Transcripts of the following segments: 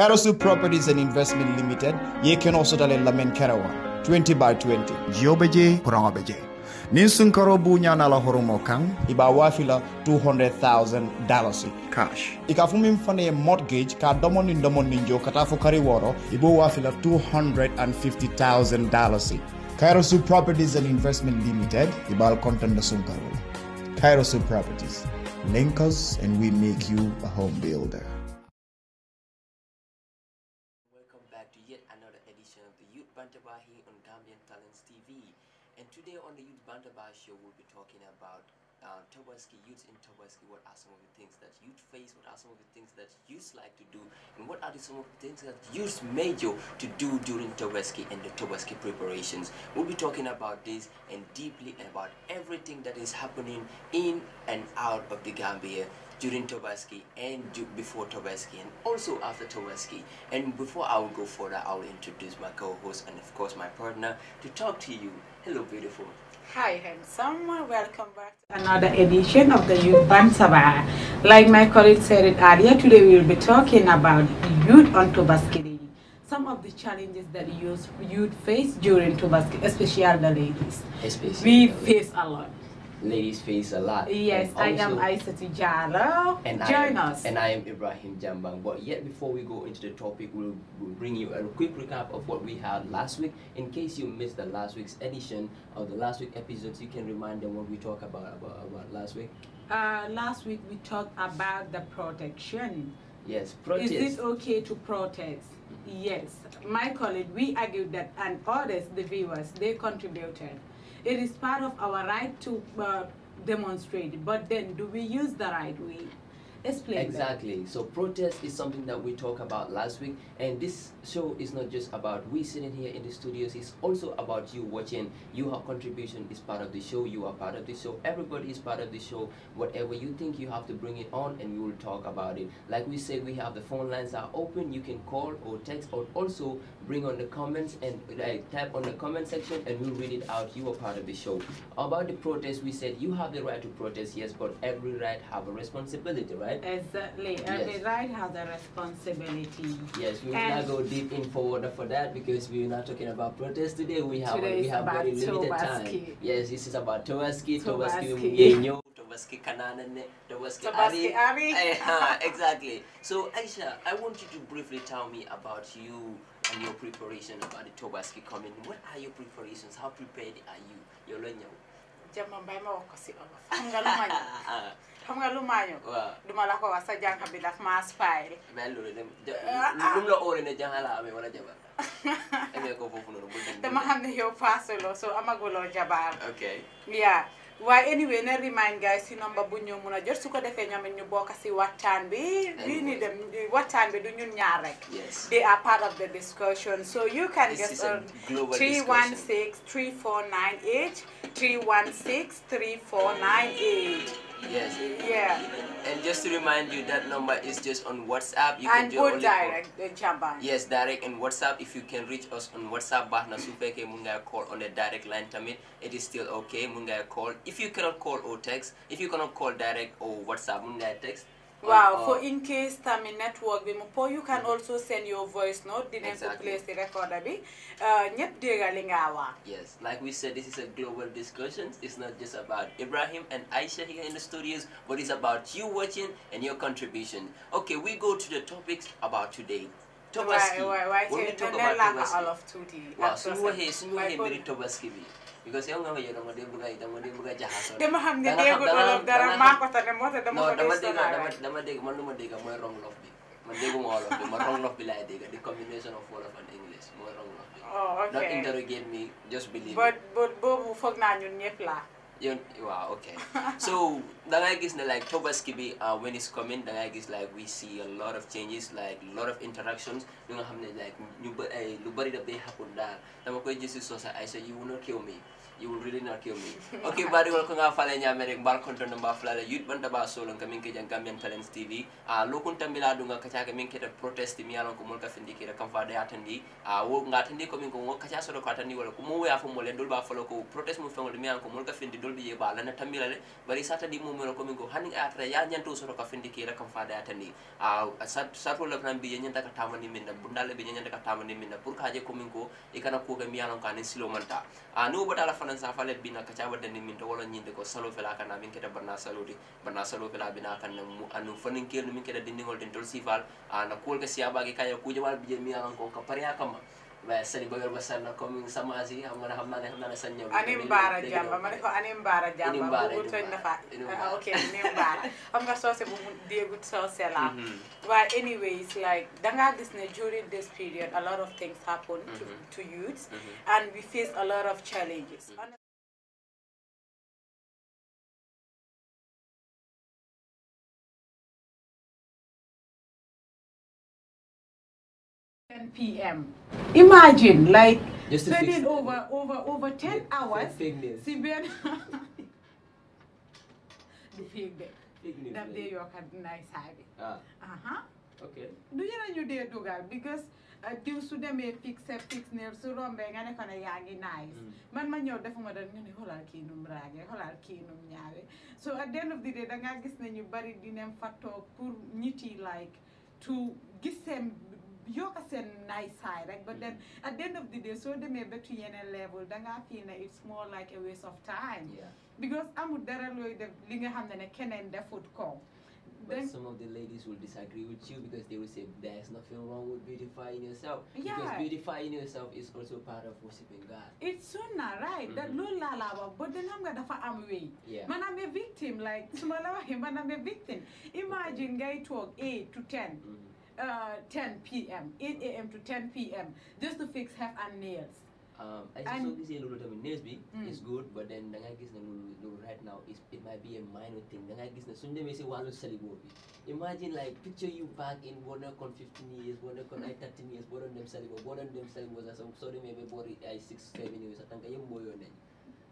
Karasu Properties and Investment Limited, ye ken also dale lamen karawa, 20 by 20. Jiobeje, kurangobeje. Nin sun karo bunya la horomo kan. Iba wafila $200,000. Cash. Ika fumi mfane ye mortgage, ka domon ni domon ninjo, katafu kariworo, ibo wafila $250,000. Kairosu Properties and Investment Limited, ibal content na Kairosu Properties. Link us and we make you a home builder. what are the, some of the things that you've made you to do during Tobaski and the Tobaski preparations? We'll be talking about this and deeply about everything that is happening in and out of the Gambia during Tobaski and before Tobaski and also after Tobaski. And before I will go further, I will introduce my co-host and of course my partner to talk to you. Hello, beautiful. Hi handsome, welcome back to another edition of the Youth Sabah. Like my colleague said it earlier, today we will be talking about youth on Tobaskiri. Some of the challenges that youth, face during Tobaskiri, especially the ladies. Especially we face a lot ladies face a lot. Yes, I am Aisa Tijalo, and join I am, and I am Ibrahim Jambang. But yet before we go into the topic, we'll, we'll, bring you a quick recap of what we had last week. In case you missed the last week's edition or the last week episodes, you can remind them what we talked about, about, about last week. Uh, last week we talked about the protection. Yes, protest. Is it okay to protest? Mm-hmm. Yes. My colleague, we argued that, and others, the viewers, they contributed it is part of our right to uh, demonstrate. But then, do we use the right way? Explain. Exactly. That. So protest is something that we talked about last week, and this show is not just about we sitting here in the studios. It's also about you watching. Your contribution is part of the show. You are part of the show. Everybody is part of the show. Whatever you think, you have to bring it on, and we will talk about it. Like we said, we have the phone lines are open. You can call or text, or also bring on the comments and uh, type on the comment section, and we'll read it out. You are part of the show. About the protest, we said you have the right to protest, yes, but every right have a responsibility, right? right? Exactly. And yes. the right has a responsibility. Yes, we will not go deep in forward for that because we are not talking about protest today. We have today we have very limited Tobaski. time. Yes, this is about Towaski, Towaski Yenyo, Towaski Kananane, Towaski Ari. Ari. uh, exactly. So Aisha, I want you to briefly tell me about you and your preparation about the Tobaski coming. What are your preparations? How prepared are you? Your learning? Ah, ah. xam nga eh, lu maañu duma la ko wax sa jànq bi daf maa spy mais loolu dem lum la óore ne jànq la amee wala jabar amee ko foofu gitu. noonu dama xam ne yow faasuloo soo amaguloo jabar ok yaa anyway na remind guys si number bu ñu mun a jot su ko defee ñoomit ñu bokk si waxtaan bi lii ni dem waxtaan bi du ñun ñaar rek they are part of the discussion so you can get on 316 3498 316 3498 Yes. Yeah. And just to remind you, that number is just on WhatsApp. You and can or direct call. Japan. Yes, direct and WhatsApp. If you can reach us on WhatsApp, bahna supeke mungaya call on the direct line tamit. It is still okay. Mungaya call. If you cannot call or text, if you cannot call direct or WhatsApp, mungaya text. Wow, for in case tamit network we mu you can mm-hmm. also send your voice note dinañ ko place the recorder be. Uh, Yes, like we said, this is a global discussion. It's not just about Ibrahim and Aisha here in the studios, but it's about you watching and your contribution. Okay, we go to the topics about today. Tobaski. Why, why, why, when we talk about Tobaski. Wow, suñu waxee suñu waxee mbiri Tobaski bi. because yow nga ma yow dama dee bëgg a dama dee bëgg a jaxasoo. dama xam ne déggul wolof dara maa dama dee man lu ma dégg mooy rong lof bi man dégguma wolof bi ma rong lof bi laay dégg di combination of wolof and english mooy rong lof bi. oh ok don't me just believe. but boobu foog naa ñun ñëpp laa. Yun, wow, okay. so, the like is like Tobas Kibi, uh, when it's coming, the like is like we see a lot of changes, like a lot of interactions. You know how many like you but I you buried up they happen there. Namakoy Jesus so I said you will not kill me. you will really not kill me. okay, bari wal ko nga fala ñamere mbar konto no mbafla la yut banda ba solo ka min ke jang Gambian Talents TV. A uh, lokun tambila do nga kacha ka ke da protest mi yalon ko mol ka findi ke da kam fa da yatandi. A wo nga tandi ko min ko ngo kacha solo ka tandi wala ko mo ya fo mo len dol ba folo ko protest mo fengol mi an ko mol ka findi dol bi ye ba la na tambila le bari sata di mo mero ko min ko hani atra ya nyanto solo ka findi ke da kam fa da yatandi. A uh, sat sato la bi ye nyanta ka tamani min da bundale bi nyanta ka tamani min da pour ka je ko min ko ikana e ko ga mi yalon ka ne silo manta. A no bota la fanan safa le bina ka tabar da ni min wala nyin ko salo fela kana min keda barna salo di barna salo fela bina kan na mu anu fanin kel min keda dindingol den tol sifal ana kol ka siya bagi kaya kujawal bije mi an ko ka pariya kama waaye sëñ Boyol ba sànn comme semence yi xam nga ne xam naa ne xam naa ne sëñ ñëw. anim baara jàmba ma ne ko anim baara jàmba bu toj na fa ah, ok anim baara xam nga soose bu mu déegut soose la mm-hmm. waaye anyways like dangaa gis ne during this period a lot of things happen to mm-hmm. youths mm-hmm. and we face a lot of challenges 10 p.m. Imagine, like Just spending over over over 10 hours. Fake news. Sibian. the fake news. That day you had nice habit. Ah. Uh huh. Okay. Do you know you did do that because. diw su demee fixé fix ne So rombé nga ne ko ne yaa ngi nice man ma ñëw defuma da nga ne xoolal kii num raage xoolal kii num ñaawe so at the end of the day da ngaa gis ne ñu bari dinañ fa toog pour ñiti like to gis seen you ka seen nice side rek but then mm-hmm. at the end of the day so they may be to yeneen level Then I feel ne it's more like a waste of time because amul dara looy def li nga xam ne ne keneen defut ko But then, some of the ladies will disagree with you because they will say there's nothing wrong with beautifying yourself. Yeah. Because beautifying yourself is also part of worshiping God. It's so not right. Mm -hmm. That mm-hmm. low lalawa, but then I'm gonna am way. Yeah. Man, I'm a victim. Like, man, I'm a victim. Imagine guy talk 8 to 10. Mm -hmm. Uh, 10 p.m. 8 a.m. to 10 p.m. just to fix hair and nails. Um, I and, so gisee loolu tamit nails bi. Hmm. is good but then the guy gis right now is it might be a minor thing The guy gis ne suñ demee si wàllu imagine like picture you back in boo 15 years boo nekkoon 13 years boo doon dem saliboo boo doon dem saliboo sax soo demee 6 7 years sax tànk yëpp mooyoo nañ.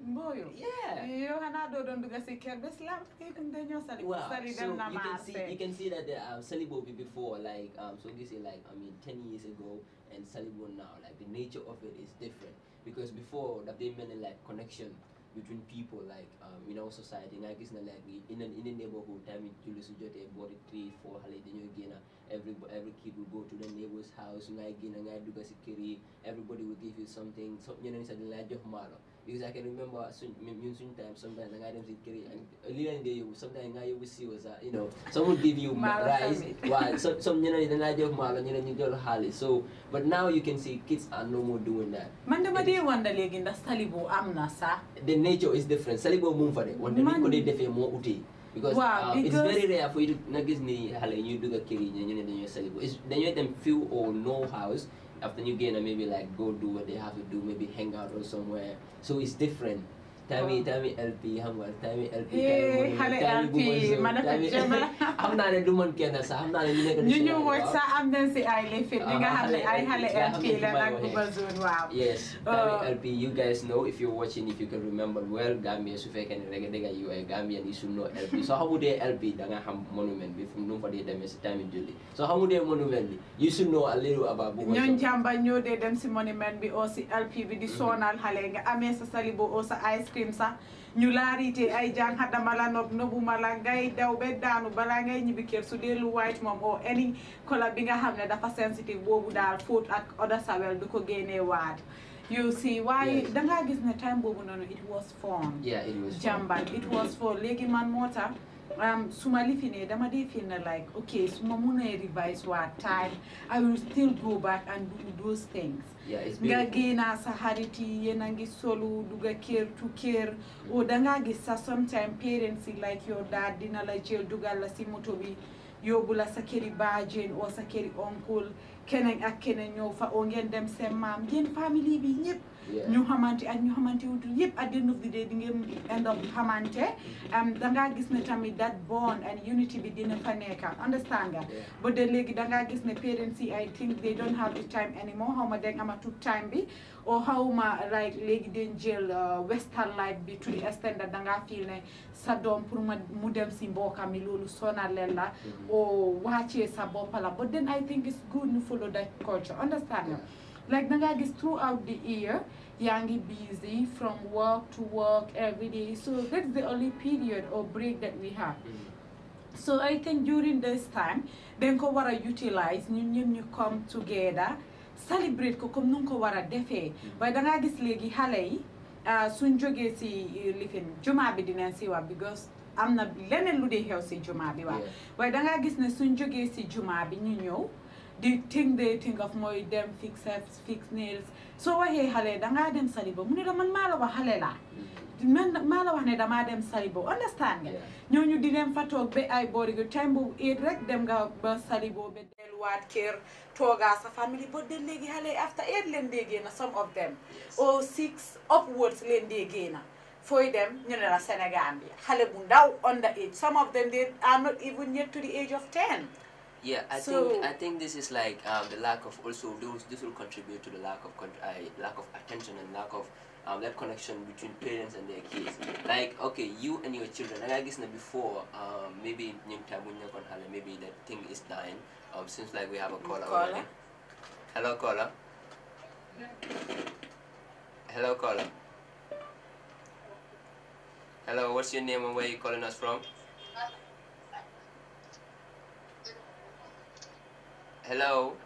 Mboyo. Yeah. You I don't do gasi kerbe slap kikun denyo sali well, sali so you can see you can see that the um, be before like um so you say like I mean ten years ago and Salibo now like the nature of it is different because before that they meant like connection between people like um, in our society like it's not like in an in a neighborhood time mean Julius Ujote bought a three four holiday you again uh, every every kid will go to the neighbor's house you again and I do everybody will give you something so you know it's like your mother because I can remember Moon Sun time sometimes I them in Korea and earlier in the year sometimes I always see was that you know someone give you rice while some some you know the idea of mal and you know you don't so but now you can see kids are no more doing that. Man dama dee wanda léegi ndax salibo am na sax. The nature is different salibo move for de wante ni ko dee defend more utee. because, wow, uh, because it's very rare for you to na gis ni xale ñu dugg ak you yi ñu ne dañoo salibo dañoo them few or no house after New Guinea, maybe like go do what they have to do, maybe hang out or somewhere. So it's different. tami tami LP xam nga tami LP. Eh, xale LP ma dafa jëmmal xam naa ne du mën kenn sax xam naa ne ñu nekk. ñu ñu woote sax am nañ si ay les films nga ah, xam ne ay xale LP la nag Bouba Zone waaw. yes tami oh. LP you guys know if you're watching if you can remember well Gambia su fekkee ne rek danga yu ay Gambia yi sum noo LP soo xamutee LP da nga xam monument bi fu mu nu fa dee demee si tami julli soo xamutee monument bi you should know a little about Bouba Zone. ñooñu jàmba ñoo dee dem si monument bi oo si LP bi di mm-hmm. sonal xale nga amee sa salibo oo sa ice cream crime sa ñu laariite ay jàng haddama la nopp nobuma la ngay daw be daanu balaa ngay ñibbi su dee lu white moom o oh, any color bi nga xam ne dafa sensitive boobu daal fóot ak oda sawel du ko génnee waat you see waaye dangaa gis ne time boobu noonu it was fun jàmbat it was fun léegi man um, suma lifine dama dey feel like okay suma muna revise wa time i will still go back and do those things nga gena sa hariti yena ngi solo duga care to care o danga gi sa sometimes parents like your dad dina la jël dugal la si moto bi yóbbu la sa këri baajen o sa këri oncle keneen ak keneen ñëw fa o ngeen dem seen maam yéen famille bi ñëpp ñu xamante ak ñu Hamante. yëpp at the end of the day di ngeen end up xamante mm-hmm. um, dangaa gis ne tamit that bond and unity bi dina fa nekka understand nga ba de léegi dangaa gis ne parents I think they don't have the time anymore xaw ma dañ amatut time bi how xawma like léegi dañ jël uh, western life bi to the extent that dangaa feel ne sa doom pour mu dem si mbokkam mi loolu sonal leen la mm-hmm. o sa but then I think it's good ñu follow that culture understand nga like dangaa gis throughout the year Young, busy from work to work every day. So that's the only period or break that we have. Mm So I think during this time, then ko wara utilize ñun ñun ñu come together, celebrate ko comme nun ko wara defe. Mm. Waaye da ngaa gis léegi xale yi uh, suñ jógee si uh, lifin Juma bi dinañ si wax because am na leneen lu dee xew si jumaa bi waaw. Waaye da ngaa gis ne suñ jógee si juma bi ñu ñëw. The thing they think of more, them fix abs fix nails soo waxee xale dangaa dem Salibo mu ne la man maa la wax xale laa mm-hmm. man maa la ne damaa dem Salibo understand nga ñooñu di dem fa be ba ay boori gi time bu it rek dem nga ba Salibo ba delluwaat kër toogaa sa family ba de léegi xale after eight leen dee some of them or six upwards leen dee For them dem ñu ne la Sénégal bi xale under age some of them they are not even yet to the age of ten yeah, I so, think I think this is like um, the lack of also those this will contribute to the lack of con- uh, lack of attention and lack of um, that connection between parents and their kids. Like okay, you and your children. Like I guess before um, maybe maybe that thing is dying. Um, seems like we have a caller, caller? already. Hello caller. Hello caller. Hello, what's your name and where are you calling us from? Hello.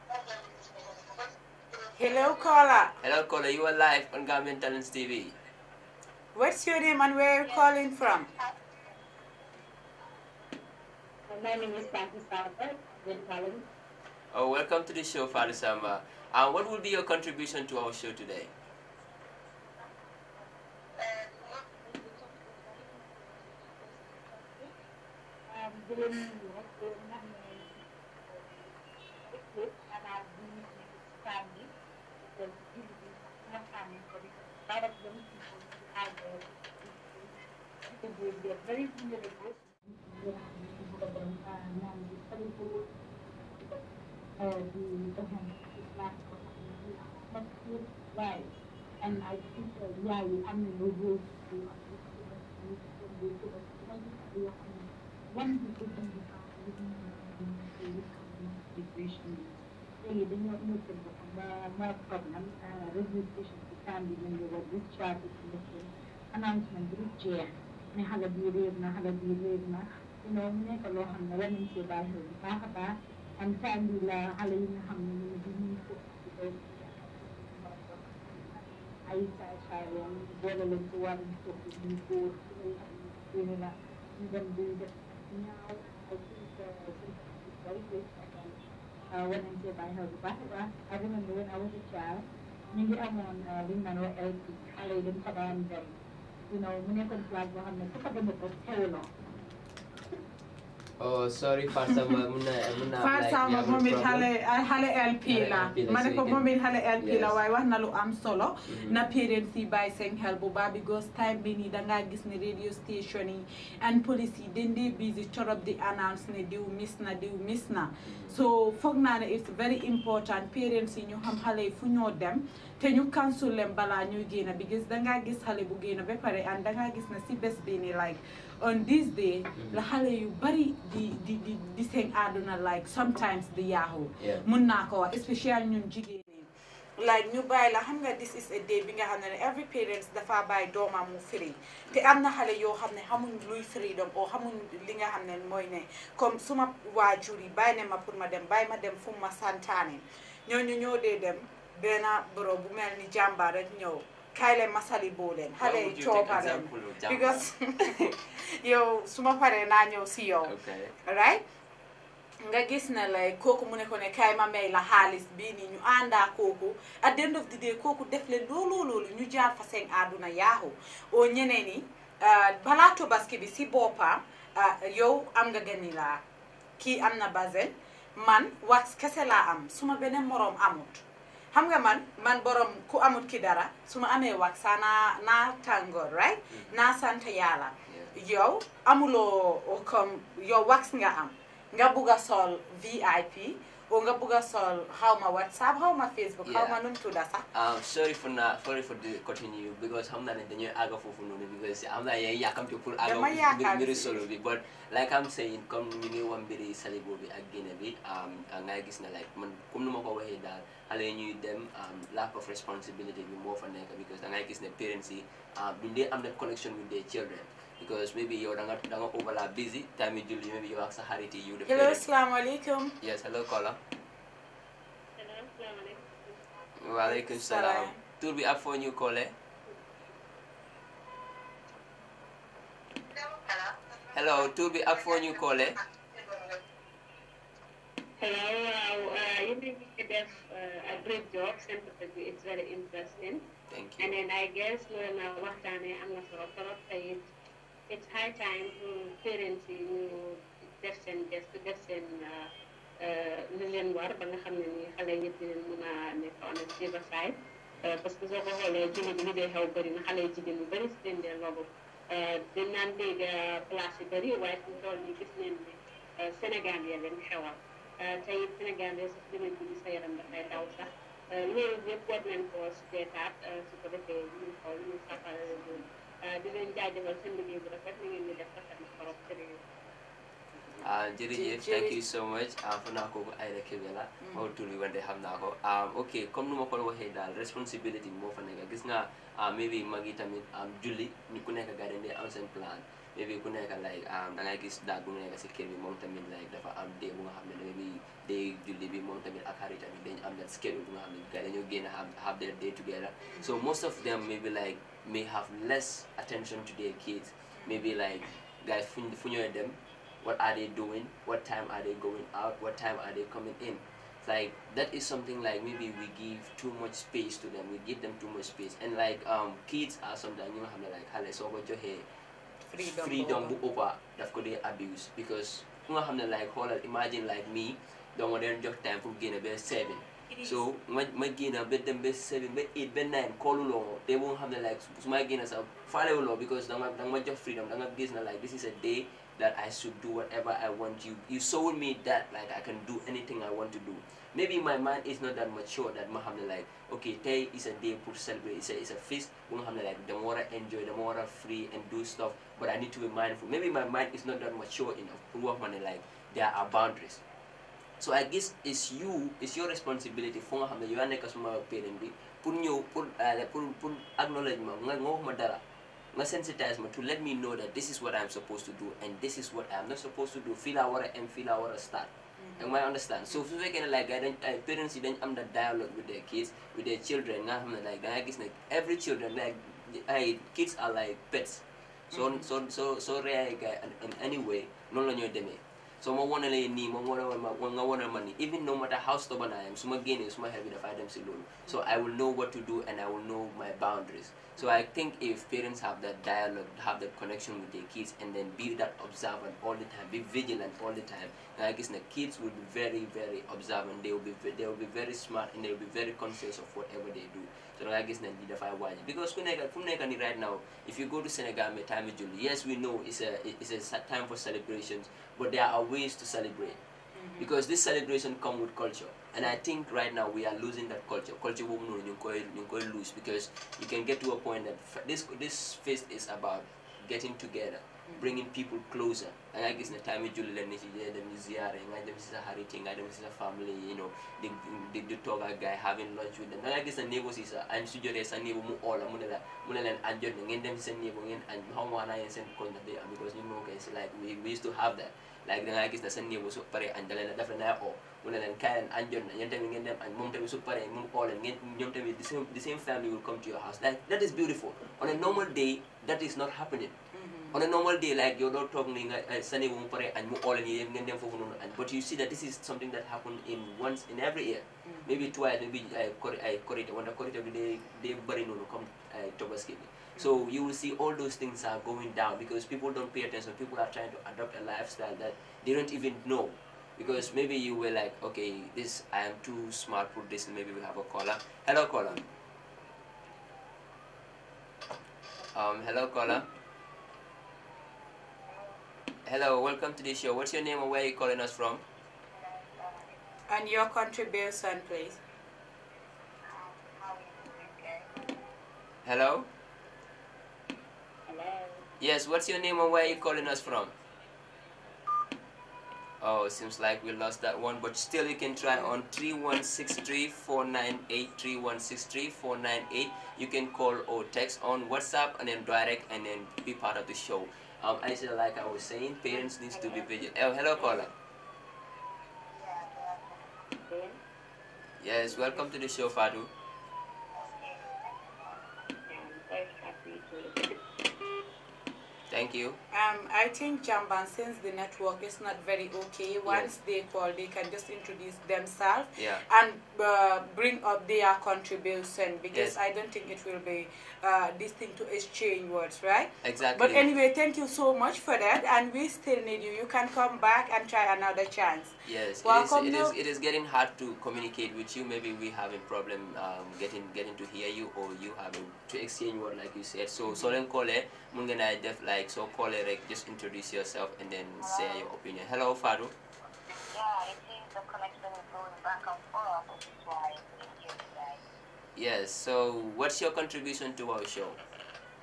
Hello, caller. Hello, caller. You are live on Gambian Talents TV. What's your name and where are you calling from? My name is Francis Albert. Oh, welcome to the show, Father Samba. And uh, what will be your contribution to our show today? Um, with their very senior leaders. That's why, and I think uh, why I'm able to one people can be situation really did not notice the problem uh, registration to family when they were discharged from the announcement group jail. น่ฮัลโหดีเรียกนะฮัลโหดีเรียกนะพี่น้องนี่ก็โลหันแล้วมั่เสียบายถึงป้าค่ะป้าทำแฟนดีแลอะไรน่ะทำมีดีมีฝุ่นไอ้ใจชายเ้ยงเดินเล่นตัวตกมีฝุ่นอะไรนี่นะมีคนดีแบบเงาไอ้ที่จะไอ้ที่จะไปเจอกันวันนี้เสียบายถึงป้าค่ะป้าอาจจะมันเรื่องอะไรที่เช้ามีที่อ่างมันลิงมันว่าเอลี่อะไรเรืดินสะพานแบบ चुनाव हुने लाग्यो हामीलाई के तपाईँले ठेलो Oh, sorry, Farsa Muna. Farsa Mumit Hale, Hale Elpila. Manako Mumit Hale Elpila, Waiwana Lu Am Solo. Mm-hmm. Na parents by saying help Bobby goes time bini danga gisni radio station and policy then they busy chop up the announcement do miss na do miss na. Mm-hmm. So Fognana it's very important parents in your ham hale you know them. te ñu cancel leen balaa ñuy génn because dangaa gis xale bu génn ba pare and dangaa gis na si bés bi ni like on this day mm-hmm. la xale yu bari di di di di seen àdduna like sometimes di yaaxu mun naa ko wax especially ñun jigéen like ñu bàyyi la xam nga this is a day bi nga xam ne every parents dafa bàyyi doomam mu free te am na xale yoo xam ne xamuñ luy freedom oo xamuñ li nga xam ne mooy ne comme suma waajur yi bàyyi ne ma pour ma dem bàyyi ma dem fu ma santaane ñooñu ñoo dee dem benn boro bu mel ni jàmbaar rek ñëw kaay leen masali boo leen xale yi cooba leen yow su ma paree naa ñëw si yow right nga gis ne lay kooku mu ne ko ne kaay ma may la xaalis bii nii ñu àndaa kooku at the of the day kooku def leen loolu loolu ñu jaar fa seen àdduna yaaxu oo ñeneen ni uh, balaa tabaski bi si boppam uh, yow am nga gani laa kii am na basin man wax kese laa am suma beneen moroom amut xam nga man man borom ku amut ki dara su ma amee wax saa naa naa tàngoor right mm-hmm. naa sant yàlla yow amuloo comme yow wax nga am nga bugg a sol VIP oo nga bugg a sol xaw ma whatsapp xaw ma facebook xaw ma nu mu tudda sax um, sorry for na sorry for the continue because xam naa ne dañuy àgga foofu noonu because xam naa yaay yàkkamti pour àgga mbiri solo bi but like I'm saying comme ñu um, ne man comme nu ma ko waxee daal xale yi ñuy dem um, lack of responsibility bi moo fa nekk because da ngay gis ne parents yi duñ dee am na connection with their children because maybe you're not gonna overlap busy time you do maybe you ask a harity you the hello assalamu alaikum yes hello caller hello alaikum salam to be up for new caller eh? hello to be up for new caller eh? Hello, uh, uh you made me uh, a great job. It's very interesting. Thank you. And then I guess when I worked on I'm not sure, but it's high time parents yi ñu def seen geste def seen euh, euh, lu leen war ba nga xam ne ni xale yëpp dinañ mën a nekk on a side euh, parce que soo ko xoolee jullit li dee xew bëri na xale yi jigéen ñu bëri si leen dee loolu dañ naan dégg place yi bëri waaye suñu tool yi gis neen ne Sénégal ya leen xewal tey Sénégal ya sax dinañ ko sa yaram dafay daw sax loolu yëpp war nañ ko si deetaat su ko defee ñu xool ñu sàppale loolu Euh, di leen jaajëfal seen ah, thank you so much ah, fan naa kooku Aida Kébé la. maa mm. ngi tudd wante xam naa ko ah, ok comme nu ma kol waxee daal responsibility moo fa nekk gis nga maybe mag yi tamit julli ni ku nekk gars yi am plan. maybe ku nekk like da ngay gis daag bu mu see si kër mom moom tamit like dafa am dee bu nga xam ne maybe day julli bi moom tamit ak xarit tamit dañ am that schedule bu nga xam ne you dañoo génn have their day together so mm-hmm. most of them maybe like may have less attention to their kids maybe like guys fu ñooy dem what are they doing what time are they going out what time are they coming in like that is something like maybe we give too much space to them we give them too much space and like um kids are sometimes you know like how they so what your hair freedom, freedom bu over that could they abuse because nga hamna like hold imagine like me don't the modern just time for gain a best seven so my my gain a them best seven but eight but nine call along they won't have the like so my gain as a follow law because don't the my just freedom the my business like this is a day that I should do whatever I want. You you sold me that like I can do anything I want to do. Maybe my mind is not that mature that Muhammad like okay today is a day to celebrate it's a it's a feast Muhammad like the more I enjoy the more I free and do stuff but I need to be mindful. Maybe my mind is not that mature enough Muhammad like there are boundaries. so I guess it's you it's your responsibility For Muhammad, you are yow yaa nekk suma parent bi pour ñëw Put. pour pour uh, acknowledge ma nga nga nga sensitize ma to let me know that this is what I'm supposed to do and this is what I'm not supposed to do fii our and a our fii Am war a start understand so su fekkee ne like gars dañ ay parents yi dañ am the dialogue with their kids with their children nga xam ne like da ngay gis every children like I kids are like pets so so so so reyay gars in any way no longer them. So I want to lay I ma wona want to wona money. even no matter how stubborn I am so suma gain, suma xel bi dafa dem si loolu so I will know what to do and I will know my boundaries so I think if parents have that dialogue have that connection with their kids and then be that observant all the time be vigilant all the time I guess the kids will be very very observant they will be they will be very smart and they will be very conscious of whatever they do so I guess na li dafay wàññi because right now if you go to Sénégal ma time julli yes we know it's a it's a time for celebrations but there are ways to celebrate. Mm-hmm. Because this celebration come with culture. And I think right now we are losing that culture. Culture woman will lose because you can get to a point that this this feast is about getting together, mm-hmm. bringing people closer. And I guess the time you learn it, the museum, and the Mrs. Hariting, and the Mrs. family, you know, the the, the toga guy having lunch with them. And I guess the neighbors is a and so there is a neighbor mu all a munela munela and anjod and them is a neighbor and how one I send contact day because you know guys like we we used to have that like da ngaa gis ne sa néegu su paree añ da leen a def naa oo mu ne leen kaay leen añ jot na yéen tamit ngeen dem añ moom tamit su paree mu oo leen ngeen the same the same family will come to your house like that is beautiful on a normal day that is not happening mm-hmm. on a normal day like you're not talking. nga sa néegu mu paree añ mu all leen yéen ngeen dem foofu noonu but you see that this is something that happen in once in every year mm-hmm. maybe twice maybe ay korite ay korite wante korite bi day day bëri noonu comme ay tobaski bi so you will see all those things are going down because people don't pay attention. People are trying to adopt a lifestyle that they don't even know. Because maybe you were like, okay, this I am too smart for this, and maybe we have a caller. Hello, caller. Um, hello, caller. Hello, welcome to the show. What's your name and where are you calling us from? And your country, contribution, please. Hello? Yes, what's your name and where are you calling us from? Oh, seems like we lost that one, but still you can try on 3163498, 3163498. You can call or text on WhatsApp and then direct and then be part of the show. Um, I said, like I was saying, parents needs to be vigilant. Oh, hello, caller. Yes, welcome to the show, Fadu. Thank you. Um, I think Jamban, since the network is not very okay, once they call, they can just introduce themselves yeah. and uh, bring up their contribution because yes. I don't think it will be uh, this thing to exchange words, right? Exactly. But anyway, thank you so much for that, and we still need you. You can come back and try another chance. Yes, Welcome it, is, it, is, it is getting hard to communicate with you. Maybe we have a problem um, getting getting to hear you or you having to exchange words like you said. So, mm-hmm. Solen Kole, so Def, call like so call it just introduce yourself and then say your opinion. Hello, Faru. Yeah, it seems the connection is going back and forth, which is why Yes, so what's your contribution to our show?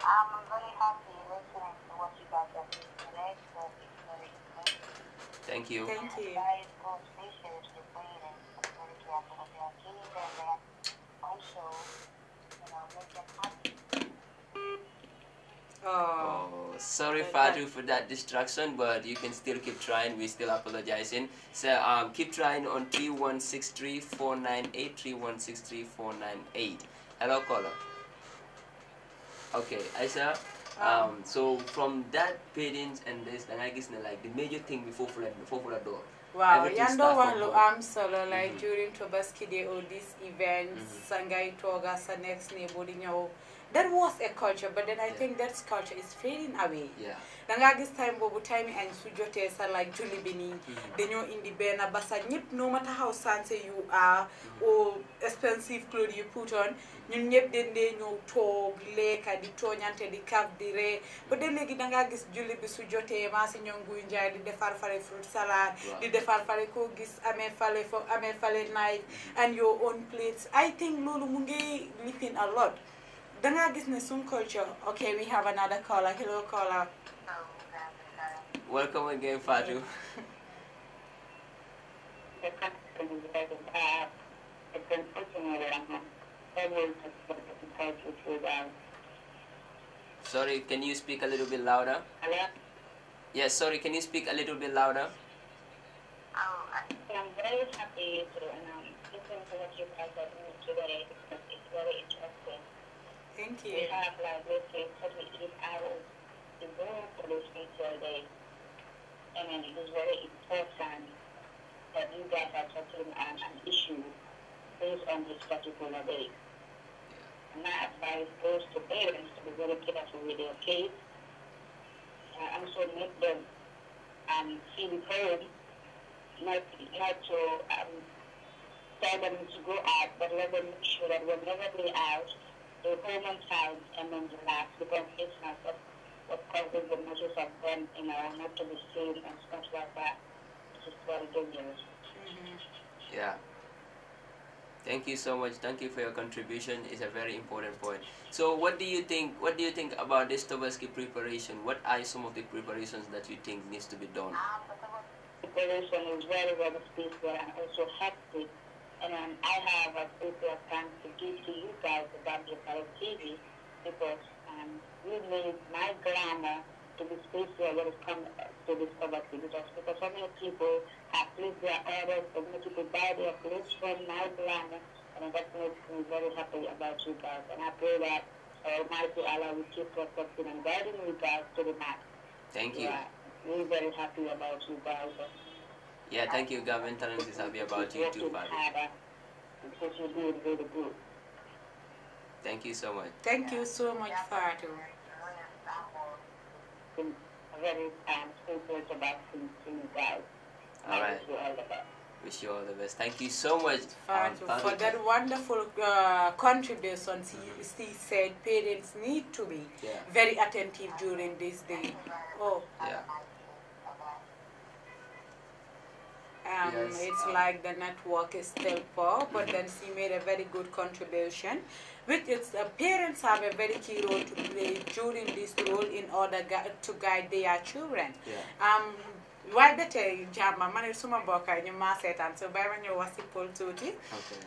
I'm very happy listening to what you guys are doing today, so it's very interesting. Thank you. Thank you. Also, you know, make them happy. Oh. sorry, Fatu, for that distraction, but you can still keep trying. We're still apologizing. So um, keep trying on 3163498, 3163498. Hello, caller. Okay, Aisha. Um. um, so from that parents and this I guess like the major thing before for for the door. Wow, yando wan am solo like mm -hmm. during Tobaski Day all these events, mm -hmm. sangai toga sa next neighbor nyawo. that was a culture but then I think that culture is fading away. da ngaa gis time boobu time yi añ su jotee sa like julli bi nii. Mm-hmm. dañoo indi benn basa ñëpp noo ma taxaw sanse yu are mm-hmm. or expensive clothes you put on ñun ñëpp dañ ñëw toog lekka di tooñante di kaf di ree ba de léegi da ngaa gis julli bi su jotee maa si ñoom guy njaay di defar fale fruit salad. di defar fale koo gis amee fale fo amee fale night and your own plates I think loolu mu ngi lifin a dangaa gis ne suñ culture ok we have another caller hello caller welcome again Fatou Sorry, can you speak a little bit louder? Hello? Yes, sorry, can you speak a little bit louder? Um, I'm very happy to um, listen to what you guys are doing today because it's very interesting. Thank you. We have like biscuits for the eight hours to go for this future day. and mean, it is very important that you guys are talking on an issue based on this particular day. My advice goes to parents to be very careful with their kids and also make them um, feel heard, not, not to um, tell them to go out, but let them make sure that whenever they are out, the Roman times and then the last, because it's not what causes the measures of them, you know, not to be seen and stuff like that. It's just very dangerous. Mm-hmm. Yeah. Thank you so much. Thank you for your contribution. It's a very important point. So, what do you think? What do you think about this Tobaski preparation? What are some of the preparations that you think needs to be done? Preparation is very, very special and also hectic and um, I have a special thanks to give to you guys about at WFLTV because um, you made my glamour to be special when it comes to this poverty because, because so many people have placed their orders, so many people buy their clothes from my glamour, and that makes me very happy about you guys. And I pray that Almighty Allah will keep protecting and guiding you guys to the max. Thank you. Yeah, we're very happy about you guys. Yeah, thank you, Gavin. This will be about you too, father. Thank you so much. Thank you so much, father. All right. Wish you all the best. Thank you so much um, for that wonderful uh, contribution. He, he mm-hmm. said parents need to be yeah. very attentive during this day. Oh. Yeah. Um, yes. It's um, like the network is still poor, but then she made a very good contribution. With its uh, parents have a very key role to play during this role in order to guide their children. Yeah. Um, way bete jamma mane suma boka ñu ma setan so bay waño wa sippol tuuti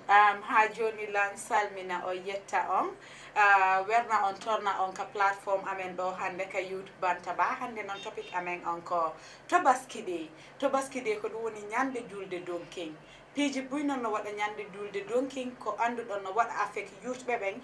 ha joni lan salmina o yetta um. uh, on werna on torna on ka plateforme amen ɗo hande ka youtube bantaba hande noon topic amen on ko to baskiɗey to baskiɗey ko ɗum woni ñande julde donking piiji buy noon no waɗa ñande julde donking ko annduɗon no waɗa affect yutɓe ɓen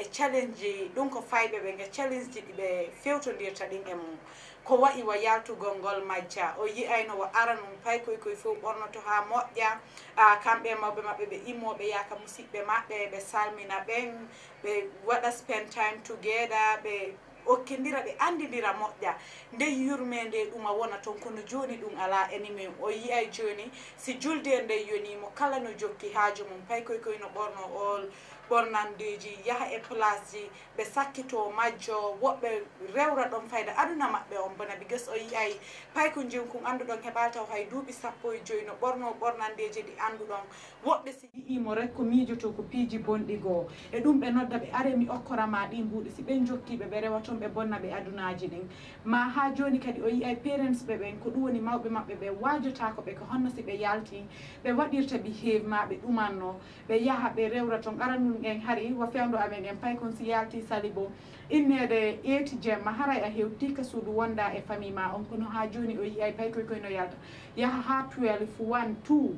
e challenge ji ɗum ko fayɓe ɓen e challenge ji ɗi ɓe fewtodirta ɗin e mum ko wayi wa yaltugol ngol majja o yiyayno wo ara num pay koye koye fof ɓornoto ha moƴƴa a kamɓe mawɓe maɓɓe ɓe immoɓe yaaka musidɓe maɓɓe ɓe salmina ɓen ɓe waɗa spend time togeda ɓe okkidira ɓe andidira moƴƴa nde yurme nde ɗuma wona toon kono joni ɗum ala animum o yiyay joni si julde nde yonimo kala no jokki haaju mum pay koye koye no ɓorno ol uh, ɓornandeji yaha e place ji ɓe sakkito majjo woɓɓe rewra ɗon fayda aduna maɓɓe on bona bigas o yiyay payko jinkum anduɗon heɓal taw hay duuɓi sappo e joyi no ɓorno ɓornandeji ɗi anduɗon woɓɓe si yi'imo rek ko miijoto ko piiji bonɗi goo e ɗum ɓe nodda ɓe are mi okkorama ɗi mbuuɗi si ɓen jokkiɓe ɓe rewa toon ɓe bonna ɓe adunaji ɗin ma ha joni kadi o yiyay parents ɓe ɓen ko ɗum woni mawɓe maɓɓe ɓe waajotako ɓe ko honno si ɓe yalti ɓe waɗirta behave ma ɓe ɗumanno ɓe yaaha ɓe rewra toon aranum en hari wo fewndo amen en pay kon si yalti sali bo innede eti jemma haray a hew tikka suudu wonda e famille ma on kono ha joni o yiyay pay koy koyno yalta yaaha ha 12 1 2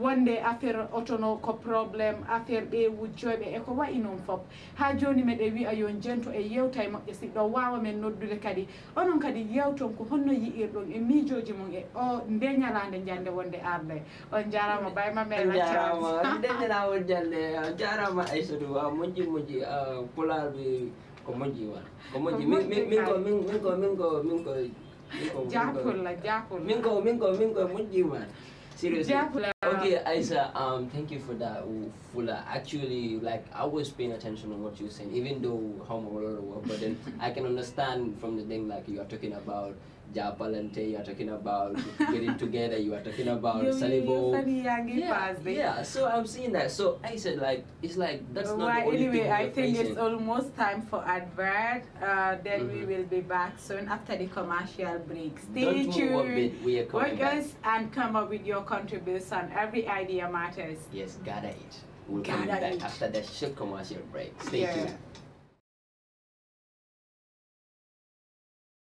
wonde affaire otono ko probléme affaire ɓe wujjoyɓe e ko wayi noon fof ha joni meɗe wiya yon jento e yewta e moƴƴe siɗɗo wawamen noddude kadi onon kadi yewton ko honno yiirɗum e miijoji mum e o nde ñalande jande wonde arde on jarama mm. baymameɗeñalawol jande jarama aysatu a moƴƴi moƴƴi pulaɓe ko moƴƴi wa ko moƴƴiminko min ko min ko min ko jakulla jakulla min ko min ko min ko moƴƴi wa Seriously. Okay, Isa. um, thank you for that, Fula. Actually, like, I was paying attention on what you were saying, even though how but then I can understand from the thing, like, you are talking about Japal and Tay are talking about, getting together, you are talking about Salibo. Yeah, yeah, so I'm seeing that. So I said, like, it's like, that's well, not the Anyway, I think facing. it's almost time for advert. Uh, then mm -hmm. we mm-hmm. will be back soon after the commercial break. Stay Don't tuned. We are coming Workers and come up with your contribution. Every idea matters. Yes, gather it. We'll gather come back it. after the short commercial break. Stay yeah. tuned.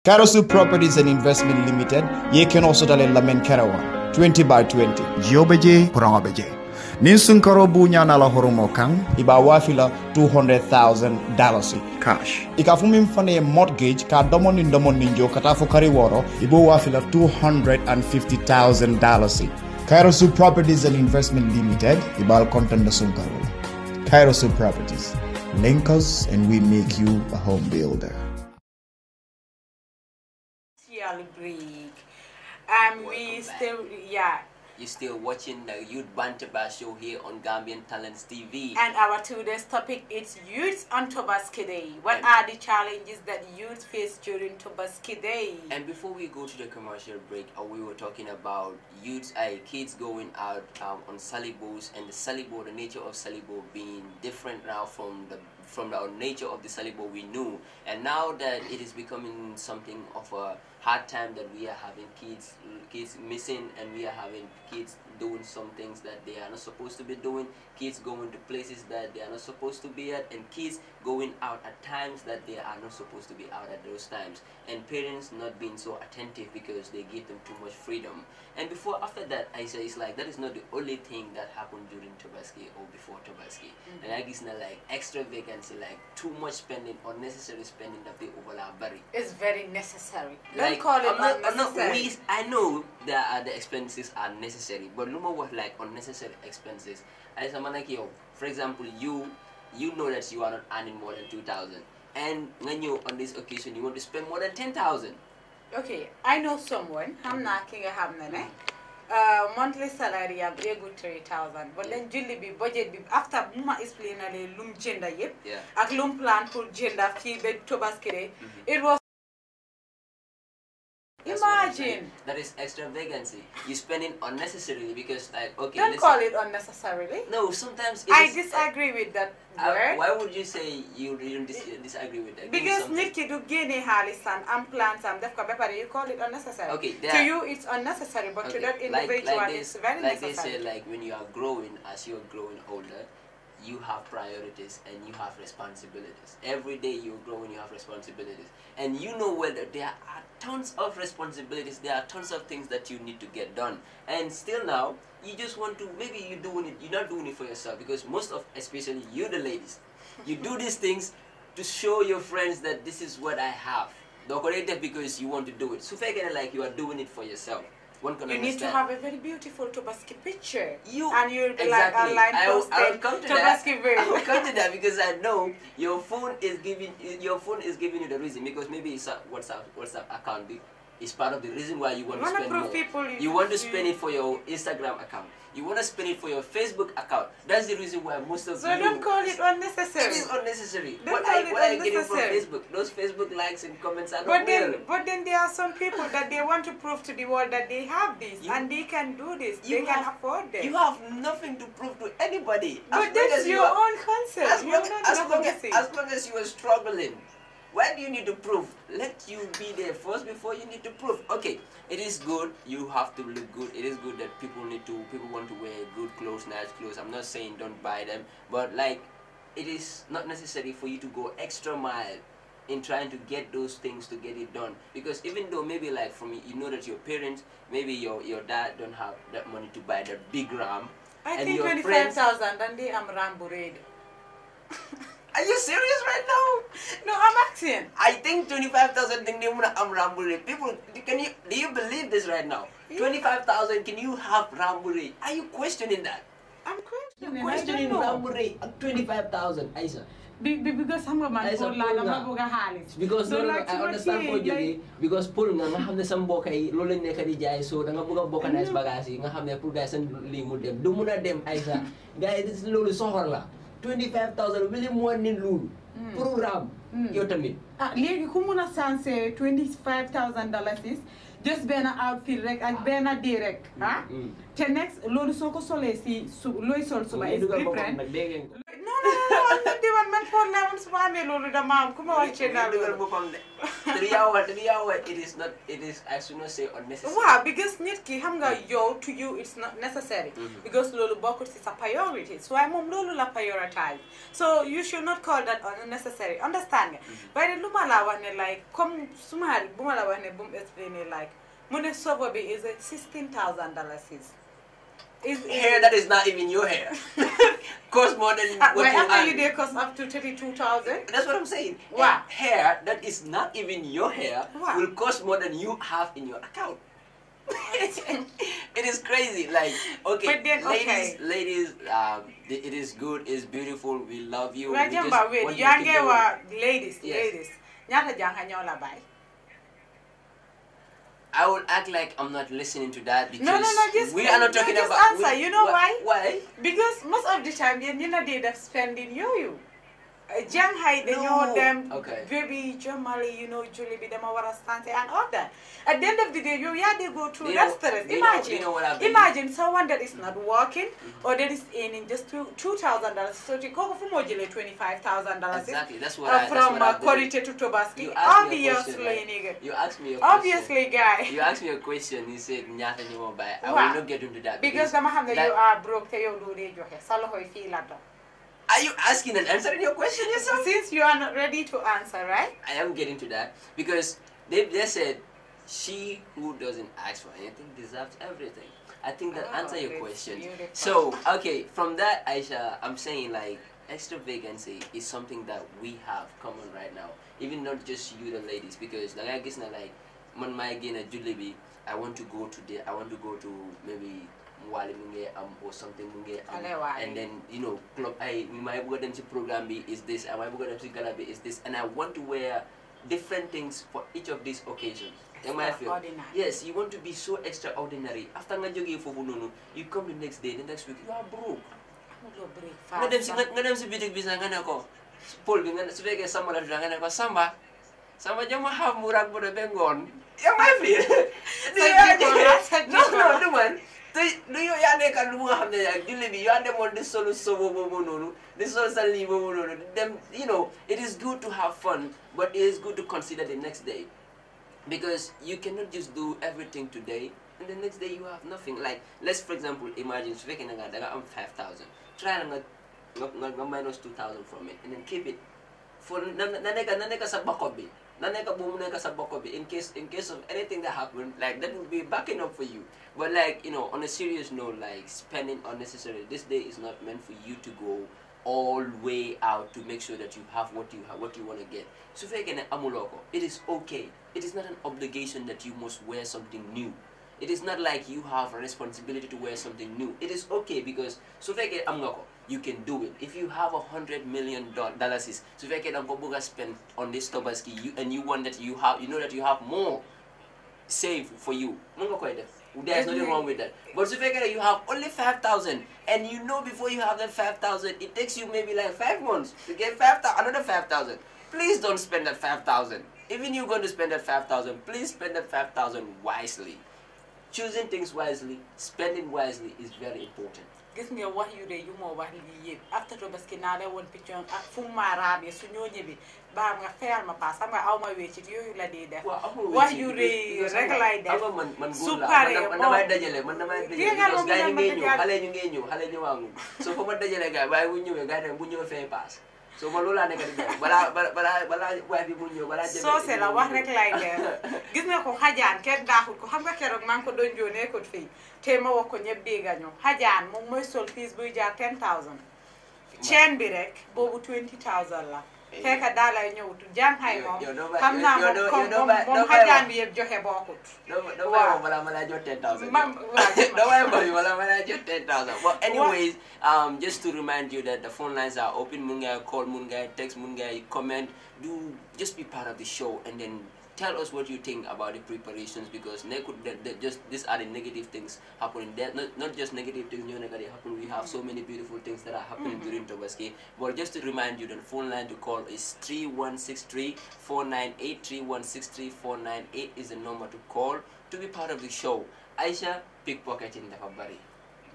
Karasu Properties and Investment Limited, ye ken also dale lamen karawa, 20 by 20. Jiobeje, kurangobeje. Nin sun karo bunya na la horomo kan. Iba wafila $200,000. Cash. Ika fumin fane mortgage, ka domon nin domon ninjo, katafu kari woro, ibo wafila $250,000. Kairosu Properties and Investment Limited, ibal content da sun karo. Kairosu Properties. Link us and we make you a home builder. And we still, back. yeah. You're still watching the Youth Banter show here on Gambian Talents TV. And our today's topic is Youth on Tobaski Day. What and are the challenges that youth face during Tobaski Day? And before we go to the commercial break, uh, we were talking about youths, uh, kids going out um, on salibos and the salibo, the nature of salibo being different now from the from the nature of the salibo we knew. And now that it is becoming something of a hard time that we are having kids kids missing and we are having kids doing some things that they are not supposed to be doing kids going to places that they are not supposed to be at, and kids going out at times that they are not supposed to be out at those times, and parents not being so attentive because they give them too much freedom. And before, after that, I say it's like that is not the only thing that happened during Tobaski or before Tobaski. Mm-hmm. And like it's not like extra vacancy, like too much spending, unnecessary spending that they overlap. Very. It's very necessary. Like, Don't call it I'm not we, I know that uh, the expenses are necessary, but Luma was like unnecessary expenses as a for example, you you know that you are not earning more than two thousand, and when you on this occasion you want to spend more than ten thousand. Okay, I know someone. I'm not king of Hamnane. Eh? Uh, monthly salary am very good three thousand. But then Julie be budget be after Muma explain a lum gender yep. Yeah. A lum plan for gender fee bed to basket. Eh? Mm-hmm. It was Imagine. That is extra You spend it unnecessarily because like okay. Don't listen. call it unnecessarily. No, sometimes. I is, disagree with that uh, why would you say you didn't dis disagree with that? Because niki do gini halisan am plans am defka bepari you call it unnecessary. Okay. To you it's unnecessary, but okay. to that individual like, like this, it's very like necessary. Like they say, like when you are growing, as you are growing older you have priorities and you have responsibilities. Every day you grow and you have responsibilities. And you know well that there are tons of responsibilities, there are tons of things that you need to get done. And still now, you just want to, maybe you're doing it, you're not doing it for yourself because most of, especially you the ladies, you do these things to show your friends that this is what I have. do because you want to do it. So fake it like you are doing it for yourself one can you understand. need to have a very beautiful Tobaski picture. You and you'll be exactly. like online posted. I will, I will come to Tobaski that. I will come to that because I know your phone is giving your phone is giving you the reason because maybe it's a WhatsApp WhatsApp account is part of the reason why you want to spend more. People, you, want to spend it for your Instagram account. You want to spend it for your Facebook account. That's the reason why most of so you... So don't call it unnecessary. It is unnecessary. Don't what call I, it what getting from Facebook? Those Facebook likes and comments are but then, But then there are some people that they want to prove to the world that they have this you, and they can do this. They have, can afford it. You have nothing to prove to anybody. But as that's your you are, own concept. As long, as, long as, as long as you are struggling, why do you need to prove? Let you be there first before you need to prove. Okay, it is good. You have to look good. It is good that people need to, people want to wear good clothes, nice clothes. I'm not saying don't buy them, but like, it is not necessary for you to go extra mile in trying to get those things to get it done because even though maybe like from you know that your parents maybe your your dad don't have that money to buy that big ram I and think 25,000 and they am ram red Are you serious right now? No, I'm acting. I think 25,000 think I'm um, Ramburi. People, can you, do you believe this right now? Yeah. 25,000, can you have Ramburi? Are you questioning that? I'm questioning. You're questioning Ramburi at 25,000, Aisha. Because be, because sama man ko eh? la nga bëgg xaalis because so like I understand foo jógee because pour nga nga xam ne sa mbokk yi loolu lañ nekk di jaay so da nga bëgg a bokk nice bagage nga xam ne pour gars yi dem du mun a dem ay sa gars yi loolu soxor la 25000 wili mu wan ne loolu. Hmm. programme. Hmm. yow tamit. ah léegi ku mun a sensé 25000 dalasis just benn outfit rek ak ah. benn di rek hmm, ah. te next loolu soo ko solee Sol su looy sol suba is different non non non man di man man foog naa man su ma amee loolu dama ku ma wàccee naa loolu boppam de te yaa wa te yaa wa it is not it is I should not say unnecessary waaw because nit ki xam nga mm. yow to you it's not necessary mm-hmm. because loolu bokkul si sa priorities waaye moom um, loolu la prioritize so you should not call that unnecessary understand nga mm-hmm. waaye lu ma la wax ne like comme su ma la wax ne bu mu explainer like mu ne is a sixteen thousand dollars is, is hair that is not even your hair costs more than uh, what you after earn. you there cost up to 32000 That's what I'm saying. Wow. Hair that is not even your hair will cost more than you have in your account. it is crazy. Like okay, then, ladies, okay. ladies, um, it is good, it's beautiful. We love you. we just wait, want you to ladies, yes. ladies. I will act like I'm not listening to that because no, no, no, just, we are not talking no, just about. Answer. We, you know why? Why? Because most of the time, you know, they're spending you you. Shanghai eh, them, okay. baby Germany, you know Julie. bi dama war a and all that. at the end of the day you yeah, they go through restaurants. imagine imagine someone that is not working. Mm-hmm. or that is earning just two two thousand dollars. so to go from moo five thousand dollars. exactly that's what uh, I from Korite to Tobaski. obviously nigga. you ask me a question obviously guy. you ask me a question you said nothing more, but I will not get into that. because the xam that, you are broke they yow doo dee joxe sa loxoy are you asking and answering your question yourself? Since you are not ready to answer, right? I am getting to that because they, they said she who doesn't ask for anything deserves everything. I think that oh, answer your question. So okay, from that Aisha, I'm saying like extra vacancy is something that we have common right now. Even not just you the ladies, because like I guess not like man my again at Julibi, I want to go to the I want to go to maybe Wally mu am um, or something mu am um, and then you know club ay may bëgg a dem si programme bi is this may bëgg a them to gala bi is this and I want to wear different things for each of these occasions Yes, you want to be so extraordinary. After nga joge fofu nonu, you come the next day, the next week, you are broke. Nga dem si nga dem si bitik bi nga ne ko. Paul nga su fekkee samba la nga ne ko samba. Samba jama have murak bu de bengon. Yang I feel? No, no, no man te lu yow yaa nekk lu nga xam ne yaa julli bi yaa demoon di solu sobo boobu noonu di solu sa lii boobu noonu di dem you know it is good to have fun but it is good to consider the next day because you cannot just do everything today and the next day you have nothing like let's for example imagine su fekkee na nga da nga am 5000 try na nga nga nga minus 2000 from it and then keep it for na na nekk na nekk sa backup bi na nekk boobu nekk sa backup bi in case in case of anything that happened like that will be backing up for you but like you know, on a serious note, like spending unnecessarily. This day is not meant for you to go all way out to make sure that you have what you have, what you want to get. So Sufekene amuloko. It is okay. It is not an obligation that you must wear something new. It is not like you have a responsibility to wear something new. It is okay because sufeke amuloko. You can do it. If you have a hundred million dollars, sufeke amkobuga spend on this tobaski, you and you want that you have, you know that you have more save for you. There's nothing wrong with that. But so figure you have only 5,000 and you know before you have that 5,000, it takes you maybe like five months to get 5, another 5,000. Please don't spend that 5,000. Even you're going to spend that 5,000, please spend that 5,000 wisely. Choosing things wisely, spending wisely is very important. gis nga wax yu rëy yu moo wax lii yëpp afta Tabaski naa la woon picc ak ah, fu mu maa raabee su ñoo ñëwee baam nga fayal ma paas xam nga aw ma wéccit yooyu la dee def. wax yu rëy rek lay def. su paree man damay dajale man damay dajale ma yi ñu ngi ñëw xale ñu ngi ñëw xale ñëwaagum. soo ko ma dajale gars yi waaye bu ñëwee gars yi bu ñëwee fay paas. so ma loolu laa nekk balaa balaa balaa bi mu ñëw balaa. soose la wax rek lay def gis nga ko xajaan kenn daaxul ko xam nga keroog maa ngi ko doon joonee ko fii te ma wax ko ñëpp dégg ñu xajaan moom mooy sol piis buy jaar 10000. chaine bi rek boobu 20000 la. fekk daal lay ñëwut jànqay moom. xam naa moom comme moom xajaan bi yëpp joxe bokkut. waaw waaw wala ma laa jot ten thousand. ma wala ma laa jot ten thousand. well anyways um, just to remind you that the phone lines are open mun ngay call mun ngay text mun ngay comment do just be part of the show and then tell us what you think about the preparations because they could, they, they just these are the negative things happening. there not, not just negative things negative happen. We have so many beautiful things that are happening mm -hmm. during Tobaski. But just to remind you, the phone line to call is 3163 498 3163 498 is the number to call to be part of the show. Aisha pickpocketing the Fabari.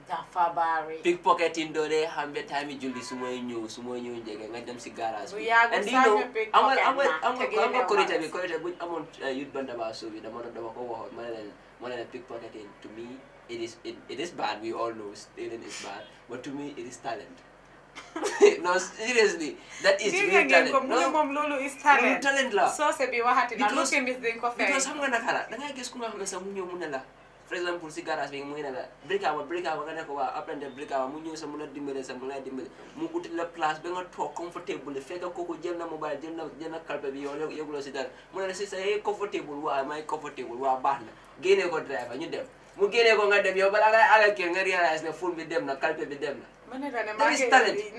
jafabaari pickpocketing doo dee xam ba time julli su may ñëw su may ñëw njege nga dem si garage bi and you know am nga am nga am nga korite bi korite buñ amoon eh, youth bandaba so bi dama dama ko waxoon ma ne leen ma ne leen to me it is bad we all know stealing is bad but to me it is talent no seriously that is real talent no moom loolu is talent talent la soose bi waxati na lu ko mis dañ ko fay because xam nga naka la da ngay gis ku nga xam ne sax mu ñëw mu la par exemple si garage bi mu ngi ne la brikama brikama nga ne ko waaw apprendre brikama mu ñëw sa mun a dimbale sa mu lay mu uti la place ba nga toog comfortable fekk kooku jël na mobile jël na jël bi yow yëguloo si mu ne la si sa hey comfortable waaw may comfortable waaw baax na génnee ko driver ñu dem mu génnee ko nga dem yow balaa ngay àggal kii nga réalise ne ful bi dem na calpe bi dem na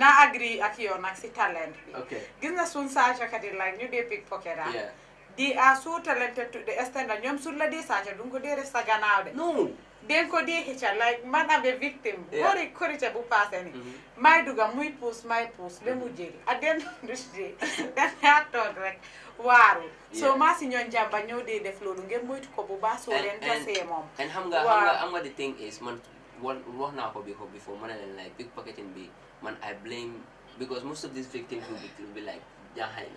na agree ak yow nag si talent bi gis na suñ saacokat yi like ñu dee di a suutalan tettuɗe estenda ñoom sulla di saja ɗum ko ɗi ref saganawɗe non nden ko ɗi hicca like manaɓe victime gori korite bo passé ni mm-hmm. mayduga muy puus may puus ɓe mujjeri aden dusde ɗen hattode rek waaru so ma si ñoon jamba ñowde def loolu ngeen moytu ko bo ba soren ta seemom en xam nga xam nga the thing is man wax naa ko bi ko before ma ne big packeting bi man i blame because most of these victimes will be, will be like jaxay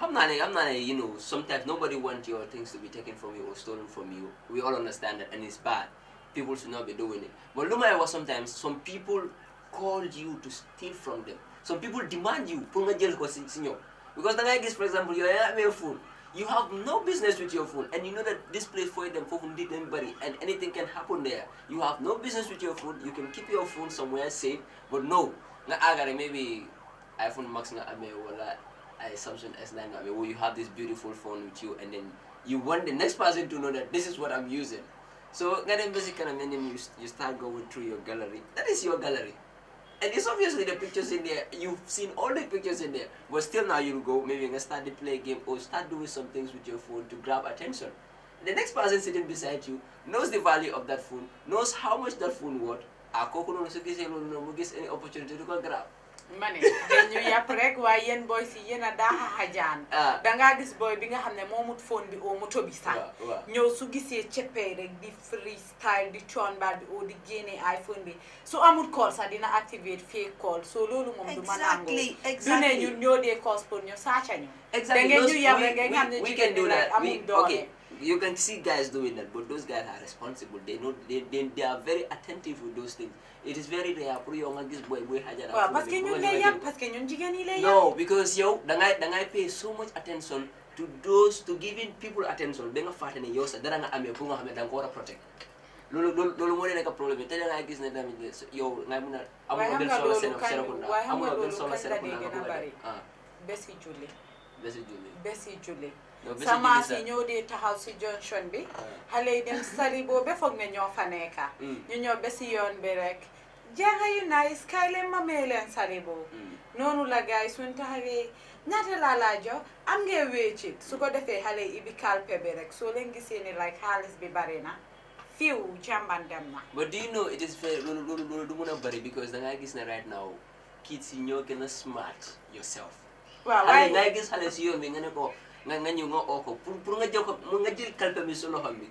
I'm not a, I'm not a, you know, sometimes nobody wants your things to be taken from you or stolen from you. We all understand that and it's bad. People should not be doing it. But Lumaya was sometimes, some people call you to steal from them. Some people demand you, put my jail senior. Because the guy for example, you have your phone. You have no business with your phone, and you know that this place for them, for did anybody, and anything can happen there. You have no business with your phone. You can keep your phone somewhere safe, but no, na agare maybe iPhone Max na ame wala Assumption Samsung S9 Gamma you have this beautiful phone with you and then you want the next person to know that this is what I'm using. So then basically I mean, you, you start going through your gallery. That is your gallery. And it's obviously the pictures in there. You've seen all the pictures in there. But still now you'll go, maybe you can start to play a game or start doing some things with your phone to grab attention. The next person sitting beside you knows the value of that phone, knows how much that phone worth, any opportunity to go grab. ma ne ñu yàpp rek waaye yéen booy si yéen a daax a xajaan ah, ah. dangaa gis booy bi nga xam ne moomut foon bi oo moto bi sax ñëw su gisee ceppee rek di freestyle di coon baat bi o di génnee iPhone bi su amul call sax dina activate fake call so loolu moom du ma nangu du ne ñun ñoo dee cause pour ñu saaca ñu da ngeen ñu yàpp rek nga xam ne jigéen di rek amul doole you can see guys doing that, but those guys are responsible. They know they, they, they are very attentive with those things. It is very rare for young and this boy boy hajar. Well, parce No, because yo, da ngay da pay so much attention to those to giving people attention. Ba nga fatane yow sa dara nga amé pour nga xamé dang ko wara protect. loolu loolu loolu moo nekk problème bi te da ngaa gis ne yo yow nga mun a. amuloo benn solo Serekunda amuloo benn solo Serekunda nga ko bëri. besi julli. besi julli. besi julli. sa maas yi ñëw di taxaw si junction bi ah. xale yi dem sali boo ba foog ne ñoo fa nekka hmm. ñu yoon bi rek jaaxa yu nice kaay ma mee leen sali hmm. noonu la gars yi suñ taxawee ñaata laa laa am ngee wéecit su ko defee xale yi ibi kalpe bi rek soo leen gisee ni like xaalis bi bari na fiw jàmban dem na but do you know it is fair loolu loolu loolu du mun a bari because da ngaa gis ne right now kids yi ñoo gën a smart yourself waaw waaye ngay gis xale si yoon bi nga ne ko nga nga ñëw nga oo ko pour pour nga jël ko nga jël kalpe bi su loxom bi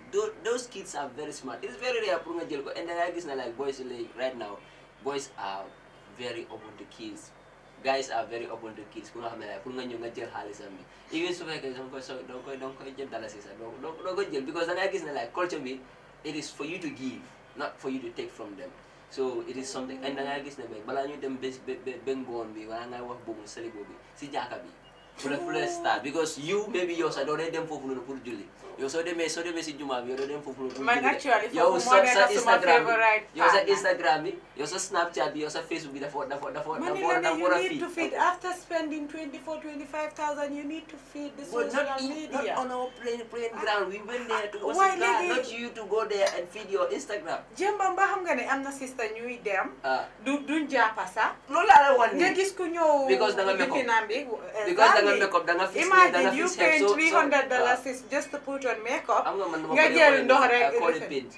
those kids are very smart it's very rare pour nga jël ko and then gis na like boys lay right now boys are very open to kids guys are very open to kids ku nga xam ne pour nga ñëw nga jël xaalisam bi even su fekkee danga koy so danga koy danga koy jël dalasi sax doo doo ko jël because da ngay gis ne like culture bi it is for you to give not for you to take from them so it is something and da ngay gis ne ba balaa ñu dem ba ba ngoon bi wala ngay wax boobu salibo bi si jaaka bi bu la bu la start because you maybe yow sax doo dee dem foofu noonu pour julli yow soo demee soo demee si jumaa bi yow doo dem foofu noonu pour julli man actually foofu moo nekk suma favorite yow sa Instagram bi yow sa Snapchat bi yow sa Facebook bi dafa dafa dafa dafa dafa war a feed you need to feed after spending 24 25000 you need to feed the social media not on our plain plain ground we went there to why not you to go there and feed your Instagram jëmbam ba xam nga ne am na sista ñuy dem ah. du duñ jàppa sax loolu laa la wan nga gis ku ñëw because da nga meko because imagine you paying 300 uh, dollars is just to put on makeup i nga jël ndox I call it paint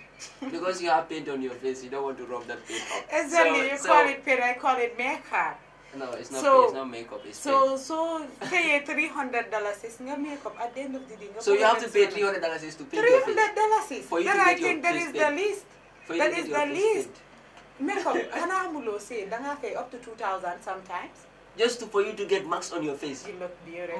because you have paint on your face you don't want to rub that paint off exactly so, you so, call it paint I call it makeup no, it's not, so, pay, it's not makeup. It's so, pay. so pay three hundred dollars is not makeup at the end of the day. So you have to pay three hundred dollars to paint your face. Three hundred dollars. For you then to I think that is the least. that is the least. Makeup. Kana hamulo say danga pay up to two thousand sometimes just to, for you to get marks on your face.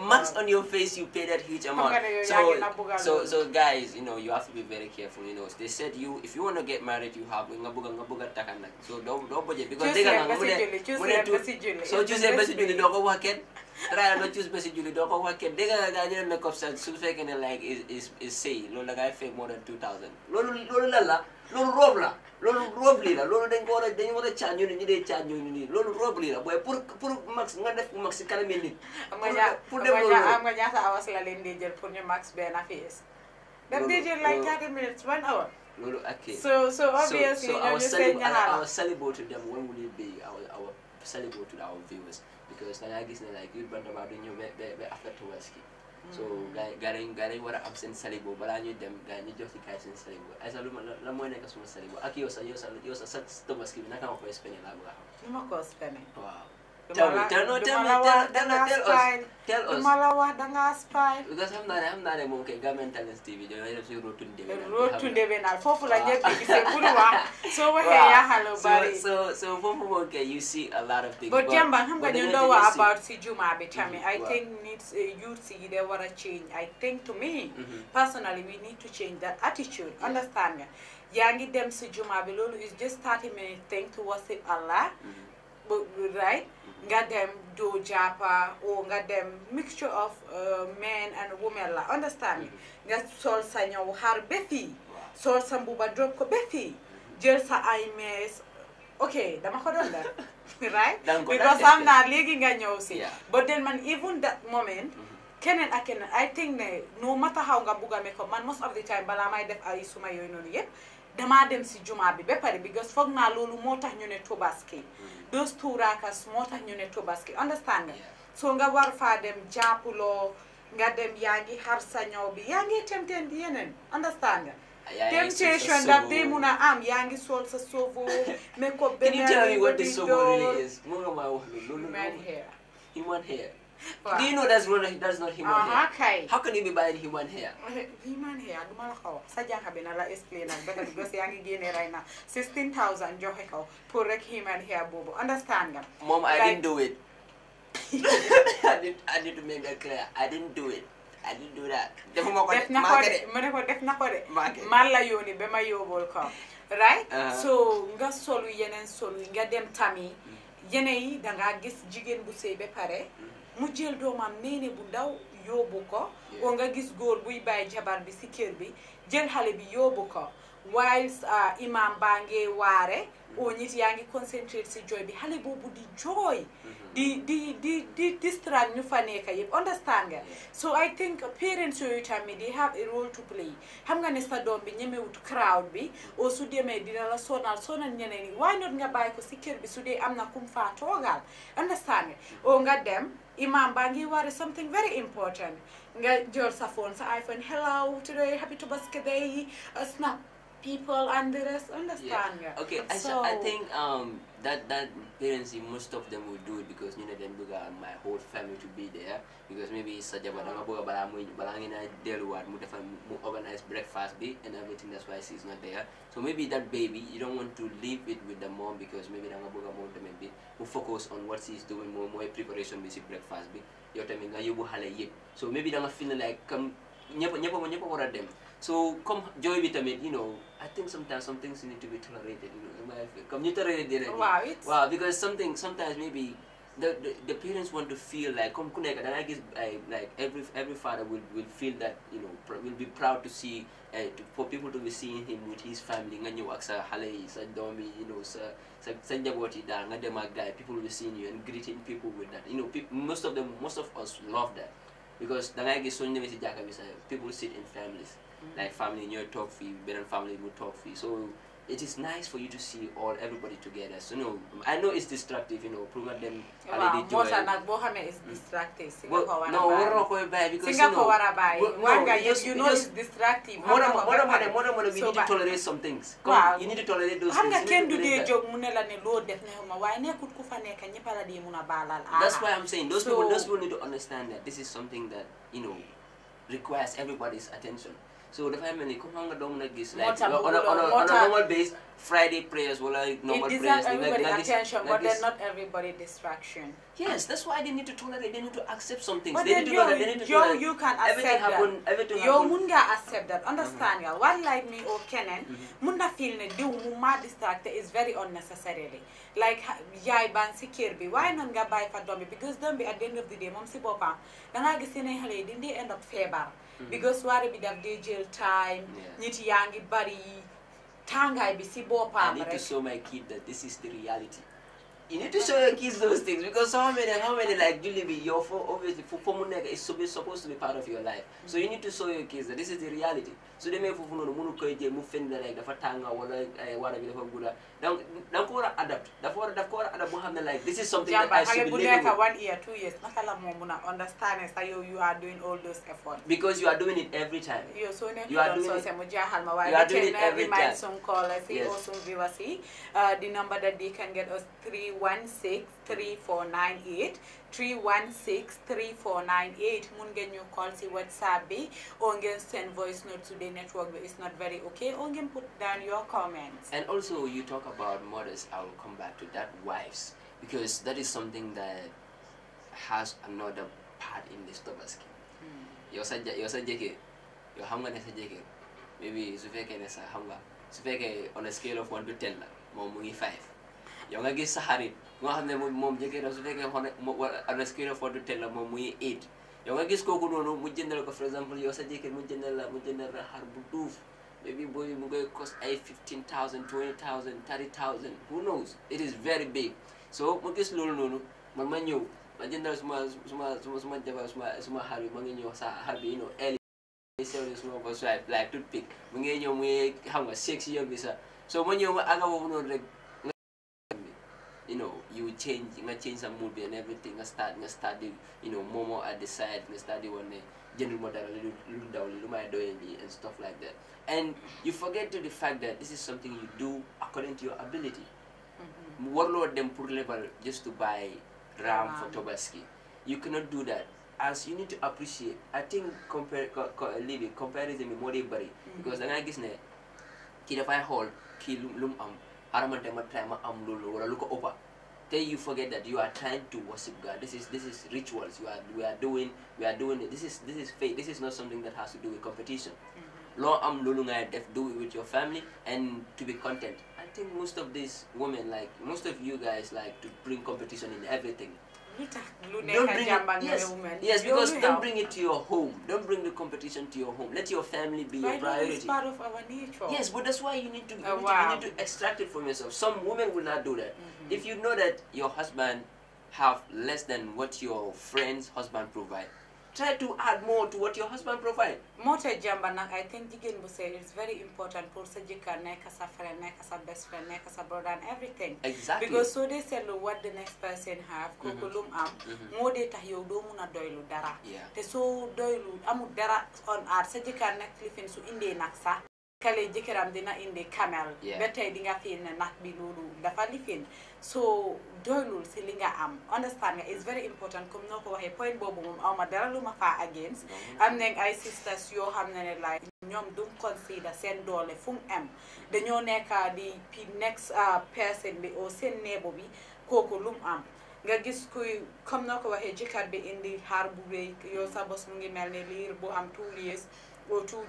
Marks on your face, you pay that huge amount. So, so, so guys, you know, you have to be very careful. You know, they said you, if you want to get married, you have ngabuga ngabuga takana. So don't don't budget because they can mune So choose a basi juli doko waket. Try not choose basi juli doko waket. They can makeup na kopsa they can like is is is say lola guy fake more than two thousand. Lola lola la lola robla. loolu roble la loolu dañ ko war a dañu war a caaj loolu roble la booy pour pour max nga def max si kanam nit. pour dem loolu am nga ñaata awas la leen di jël pour ñu max benn affaire. loolu dem di jël like 30 minutes one hour. loolu ok so so obviously ñooñu seen ñaar our celebratory dem when will it be our our celebratory our viewers because da ngaa gis ne like yu bandamaa du ñëw ba ba ba affaire Tabaski so garing garing wara am seen salibo balaa ñuy dem gars ñu jox ci kaay seen salibo ay eh, sa lu ma la mooy nekk suma salibo ak sa yow sa yow sa sa tabaski bi naka nga koy spene laa bëgg a xam ni ma ko spene eh? waaw tell me tell no tell me tell tell tell us tell us. ma la wax da ngaa spy. because xam naa ne xam naa ne moom kay Gambian Talents TV dañoo def si rotunde benal. rotunde benal foofu la ñëpp di gisee pour wax. soo waxee yaa xalo bari. so so foofu moom kay you see a lot of things. but Jemba xam nga ñu doon wax about si juma bi tamit I think needs eh, youth yi de war a change I think to me. Mm-hmm. personally we need to change that attitude understand nga. yaa ngi dem si juma bi loolu is just thirty minutes thing to worship Allah. Mm-hmm. right. nga dem do jàppa o nga dem mixture of uh, men and women la understand mm-hmm. nga sol sa ñëw xar ba fii sol sa mbuba drop ko ba fii jël sa ay mees ok dama ko doon def right because am naa léegi nga ñëw si but then man even that moment mm-hmm. keneen ak keneen ay think ne no ma taxaw nga bugg a man most of the time balaa may def ay suma yooyu noonu yëpp damaa dem si jumaa bi ba pare because foog naa loolu moo tax ñu ne ki those two rakas moo tax ñu ne Tabaski understand nga so nga war faa dem jàppuloo nga dem yaa ngi xar sa ñaw bi yaa ngi temteen di yeneen understand nga temptation that they muna am yangi sol sa sovo make up Can you tell me what the sovo really is? Human hair. Human hair. But Do you know that's not, that's not human uh hair? Kay. How can you be buying human hair? Human hair, gumala ko. Sadyang habi nala explain ang better because yung gini na 16,000 johe ko. Purek human hair bobo. Understand nga? Mom, I like, didn't do it. I, need, I need to make that clear. I didn't do it. I didn't do that. Defu ko def na ko de. Mene ko def na ko de. la yoni be ma yobol ko. Right? Uh -huh. So, nga solu yenen solu nga dem tami. Mm. yenei danga gis jigen bu pare. Mm -hmm. mu jël doomam meene bu ndaw yóbbu ko. ko nga gis góor buy bàyyi jabar bi si kër bi jël xale bi yóbbu ko. whilst uh, imam baa ngi waare mm-hmm. oo yaa ngi concentrate si jooy bi xale boobu di jooy di mm-hmm. di di di distract ñu fa nekk yëpp understand nga so I think parents yooyu tamit di have a role to play xam nga ne sa doom bi ñemewut crowd bi mm-hmm. o su demee di la sonal soonal ñeneen yi why not nga bàyyi ko si kër bi su dee am na kum faa toogal understand nga o nga dem imam baa ngi waare something very important nga jël sa phone sa iPhone hello today happy Tabaski day uh, snap people they just understand yeah. Okay, I, so, I think um, that that parents, most of them will do it because you know they look at my whole family to be there because maybe it's such a but I'm but I'm but I'm gonna deal with organize breakfast be and everything. That's why she's not there. So maybe that baby you don't want to leave it with the mom because maybe I'm gonna maybe who focus on what she's doing more more preparation basic breakfast be. Your time in you so maybe I'm feeling like come. ñëpp ñëpp ñëpp what are dem so come joy, vitamin. you know I think sometimes some things need to be tolerated you know in my life tolerated dina Wow! waaw because something sometimes maybe the the the parents want to feel like come connect. And I guess like every every father will will feel that you know will be proud to see uh, for people to be seeing him with his family nga ñëw ak sa xale you know sa sa sa njaboot yi daal people will be seeing you and greeting people with that you know most of them most of us love that because the ngay so soo people sit in families like family ñooy toog fii beneen family mu toog fii so it is nice for you to see all everybody together so no I know it's destructive you know pour nga dem. xale di jooy waaw moo is nag boo xamee it's destructive. si no, ko war a bàyyi non because si nga ko you know it's destructive. moo tax moo tax ma we need to tolerate some things. you need to tolerate those things. xam nga kenn du dee jóg ne la def ne ma waaye nekkul ku fa nekk ñëpp a la di mun a that's why I'm saying those people those people need to understand that this is something that you know requires everybody's attention. So dafay mel ni comme like on a on on a normal base Friday prayers wala normal prayers. It deserves everybody attention but then not everybody distraction. Yes, that's why they need to tolerate. They need to accept some things. But they need to tolerate. They need to tolerate. you can accept everything that. Happen, everything accept that. Understand mm -hmm. y'all. One like me or Kenan, mm-hmm. mun na feel ne diw mu distract is very unnecessarily. Like yai ban si kirby. why non nga buy for dummy because dummy at the end of the day mom si boppam Then I gis ne xale yi dindi end up feebar. Mm-hmm. because what bi daf dee jël time nit yaa ngi bari tàngaay bi si boppam I need to show my kid that this is the reality you need to show your kids those things because how many, how many like you live in your for obviously, Fupomunega is supposed to be part of your life. So you need to show your kids that this is the reality. So they may Fufuno, Munukoje, Mufenda, like the Fatanga, whatever, whatever, Now, Nankora adapt. Therefore, Dakora adapt Muhammad, like this is something yeah, that I should be living with. one year, two years, understand that you, you are doing all those efforts. Because you are doing it every time. You are doing it, you are doing it every time. Remind some callers, yes. also oh, viewers, uh, the number that they can get us three. 3163498 3163498 mun ngeen ñu call si whatsapp bi send voice note today network is not very okay or put down your comments and also you talk about mothers i will come back to that wives because that is something that has another part in this tabaski yow sa yow sa jëkkër yow xam nga ne sa jëkkër maybe su fekkee ne sa xam nga su fekkee on a scale of one to ten la moom mu ngi five yow nga gis sa xarit nga xam ne moom jëkkëram su fekkee xone wala su ko foddu tel la moom muy mu jëndal ko par exemple yow sa jëkkër mu jëndal la mu jëndal bu duuf maybe booy mu koy cost ay fifteen thousand twenty thousand thirty thousand who knows it is very big so mu gis loolu noonu man ma ñëw ma jëndal suma suma suma suma jabar suma suma xar ma ngi ñëw sa xar bi you know early seven suma ko swipe like toothpick mu ngi ñëw mu ngi xam nga six year bi sax so ma ñëw ma aga boobu noonu rek you know, you change, you change the movie and everything. I start, I study, you know, more more at the side, I study one the general model, Look down, Look my and stuff like that. And you forget to the fact that this is something you do according to your ability. Mm-hmm. Warlord them put level just to buy ram for Tobaski. You cannot do that. As you need to appreciate, I think compare co, co, living comparison with more bari mm-hmm. because then guy is kid if I hold, kill lum Aramatema Trama Amlulu or look over. Then you forget that you are trying to worship God. This is this is rituals. You are we are doing we are doing it. This is this is faith. This is not something that has to do with competition. i mm-hmm. am lulunga def do it with your family and to be content. I think most of these women like most of you guys like to bring competition in everything. Don't bring it, yes, yes, because don't bring it to your home. Don't bring the competition to your home. Let your family be your priority. It's part of our nature. Yes, but that's why you need to, you, oh, need, wow. to, you need, to, extract it from yourself. Some women will not do that. Mm -hmm. If you know that your husband have less than what your friend's husband provide, try to add more to what your husband provide moo te jàmba nag I think digen bu say it's very important pour sa jika nekk sa friend na sa best friend na sa brother and everything exactly because they say seetlu what the next person have koko lu mu am mm-hmm. moo dee tax yow do mun doylu dara te so doylu amul dara on earth sa jika nag lifin su indee nag sax kale am dina indi kamel ba tey di nga fiin ne nag bi loolu dafa lifin soo doylul si li nga am understand nga is very important comme noo ko waxee point boobu moom aw ma dara lu ma faa against mm-hmm. am nañ ay sisters yoo xam ne ne like ñoom duñ consider seen doole fu mu am dañoo nekka di next uh, person bi oo seen neebo bi kooku lu mu am nga gis kuy comme noo ko waxee jëkkër bi indi xaar bu rëy yow sa bos mu ngi mel ne liir bu am two years or two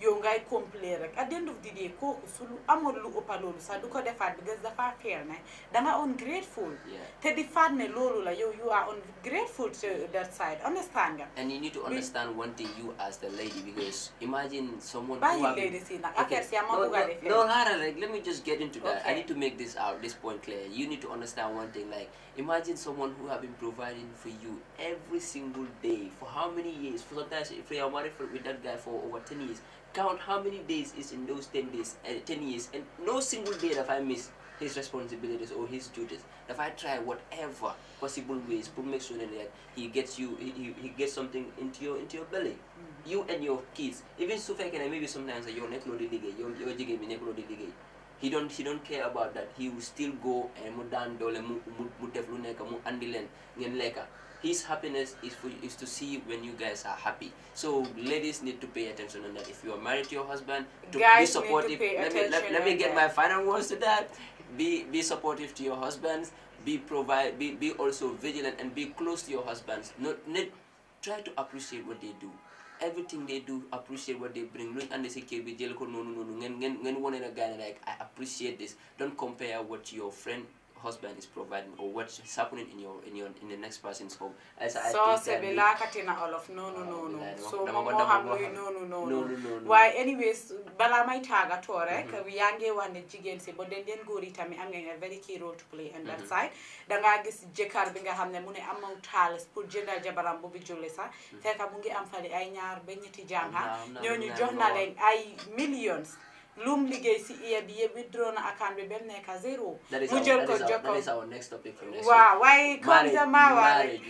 yow ngay complet rek at the end of the day kooku su lu amoon lu ëppa loolu sax du ko defaat because dafa feel ne danga ungrateful te di faat ne loolu la yow you are ungrateful to that side understand nga and you need to understand one thing you as the lady because imagine someone bàyyi lady si nag affaire si ama bugga defee no xaaral rek let me just get into that I need to make this out this point clear you need to understand one thing like Imagine someone who have been providing for you every single day for how many years? For sometimes, if you are married for, with that guy for over ten years, count how many days is in those ten days, uh, ten years, and no single day that I miss his responsibilities or his duties. If I try whatever possible ways to make sure that he gets you, he, he gets something into your into your belly. Mm -hmm. You and your kids. Even so and maybe sometimes uh, your neck no delegate, your your jiggy, neck delegate he don't he don't care about that he will still go and eh, mu dan dole mu mu mu mu his happiness is for is to see when you guys are happy so ladies need to pay attention on that if you are married to your husband to guys be supportive need to pay let me let, let me get my final words to that be be supportive to your husbands be provide be, be also vigilant and be close to your husbands not, not try to appreciate what they do everything they do appreciate what they bring and they say, kër No, no, no, no. noonu ngeen ngeen ngeen wone na gaay like I appreciate this don't compare what your friend husband is providing or what's happening in in the next person's home so sebe lakatina olof no no no no so no no no no waaye anyways balaa may tàggatoo rek yaa ngi wax ne jigéen si ba den den góor yi tamit am ngeen a eh? mm-hmm. very key role to play on that mm-hmm. side dangaa gis jëkkër bi nga xam ne mu ne amul xaalis pour jëndal jabaram bu bi julli sax mm-hmm. mu ngi am fale ay ñaar ba ñetti jànga ñooñu jox na ay millions lu liggéey si IYE bi yëpp withdraw na account bi ba mu nekk zero. mu jël ko jokkoo that waaye comme maa waaye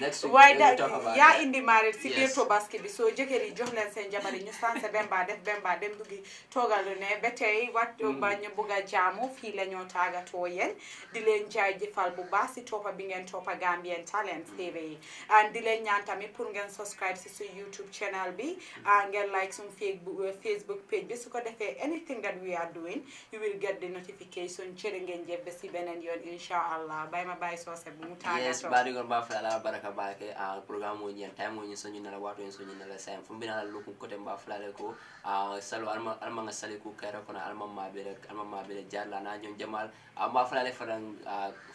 yaa indi marriage si biir tabaski bi soo jëkkër yi jox leen seen jabar yi ñu sanse bemba def bemba dem toogal toogalu ne ba tey waxtu hmm. ba ñu bugg a fii la ñoo tàggatoo yéen di leen jaajëfal bu baax si toppa bi ngeen toppa Gambian Talents TV yi and di leen ñaan tamit pour ngeen subscribe si su YouTube channel bi hmm. ah, ngeen like suñu Facebook page bi su ko defee anything that we are doing you will get the notification cere ngeen jëf ba si beneen yoon insha allah bay ma bye. So bu mu yes bari gon ba fala baraka baake a programme o ñen time o ñen soñu na la wato en soñu na la sam fu mbina la ko kote mba fala ko a salo alma alma nga sale ko kayra kono alma ma be alma ma be jarla na ñon jamal a mba fala faran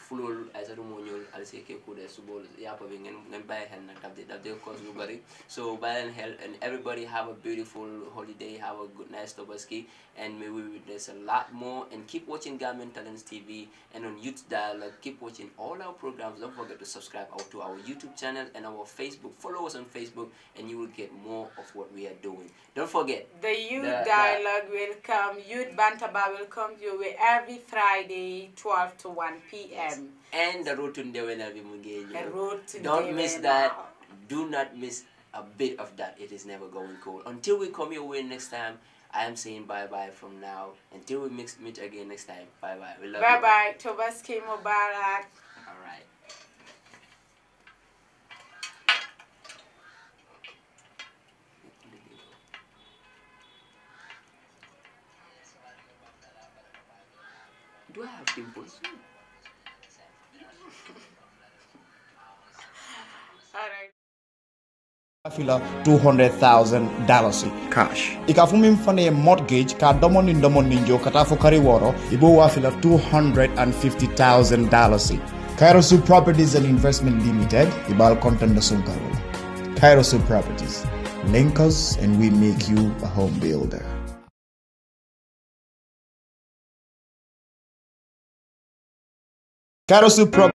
fuloolu ay satu mooñoolu ali si kee kuude suboolu yàppa bi ngeen ngeen bàyyi Hen. nag daf de daf de cause lu bëri so bàyyi leen xel and everybody have a beautiful holiday have a good nice Tobaski and may we witness a lot more and keep watching Gambian Talents TV and on Youth Dialogue keep watching all our programs don't forget to subscribe out to our YouTube channel and our Facebook follow us on Facebook and you will get more of what we are doing don't forget the Youth the, Dialogue the, will come Youth Bantaba will come your way every Friday 12 to 1 p.m and the road to Ndewenabi Don't miss that. Do not miss a bit of that. It is never going cold. Until we come your way next time, I am saying bye bye from now. Until we mix, meet again next time. Bye bye. We love bye you. Bye bye. Tobaske Mubarak. All right. Do I have pimples? fila $200,000 cash i k'a mortgage k'a domoni ni dɔmɔ nin jɔ ibo taa fila $250,000 kairosu properties and investment limited ibal b'a kɔntan sun properties link us and we make you a home builder kairosu properties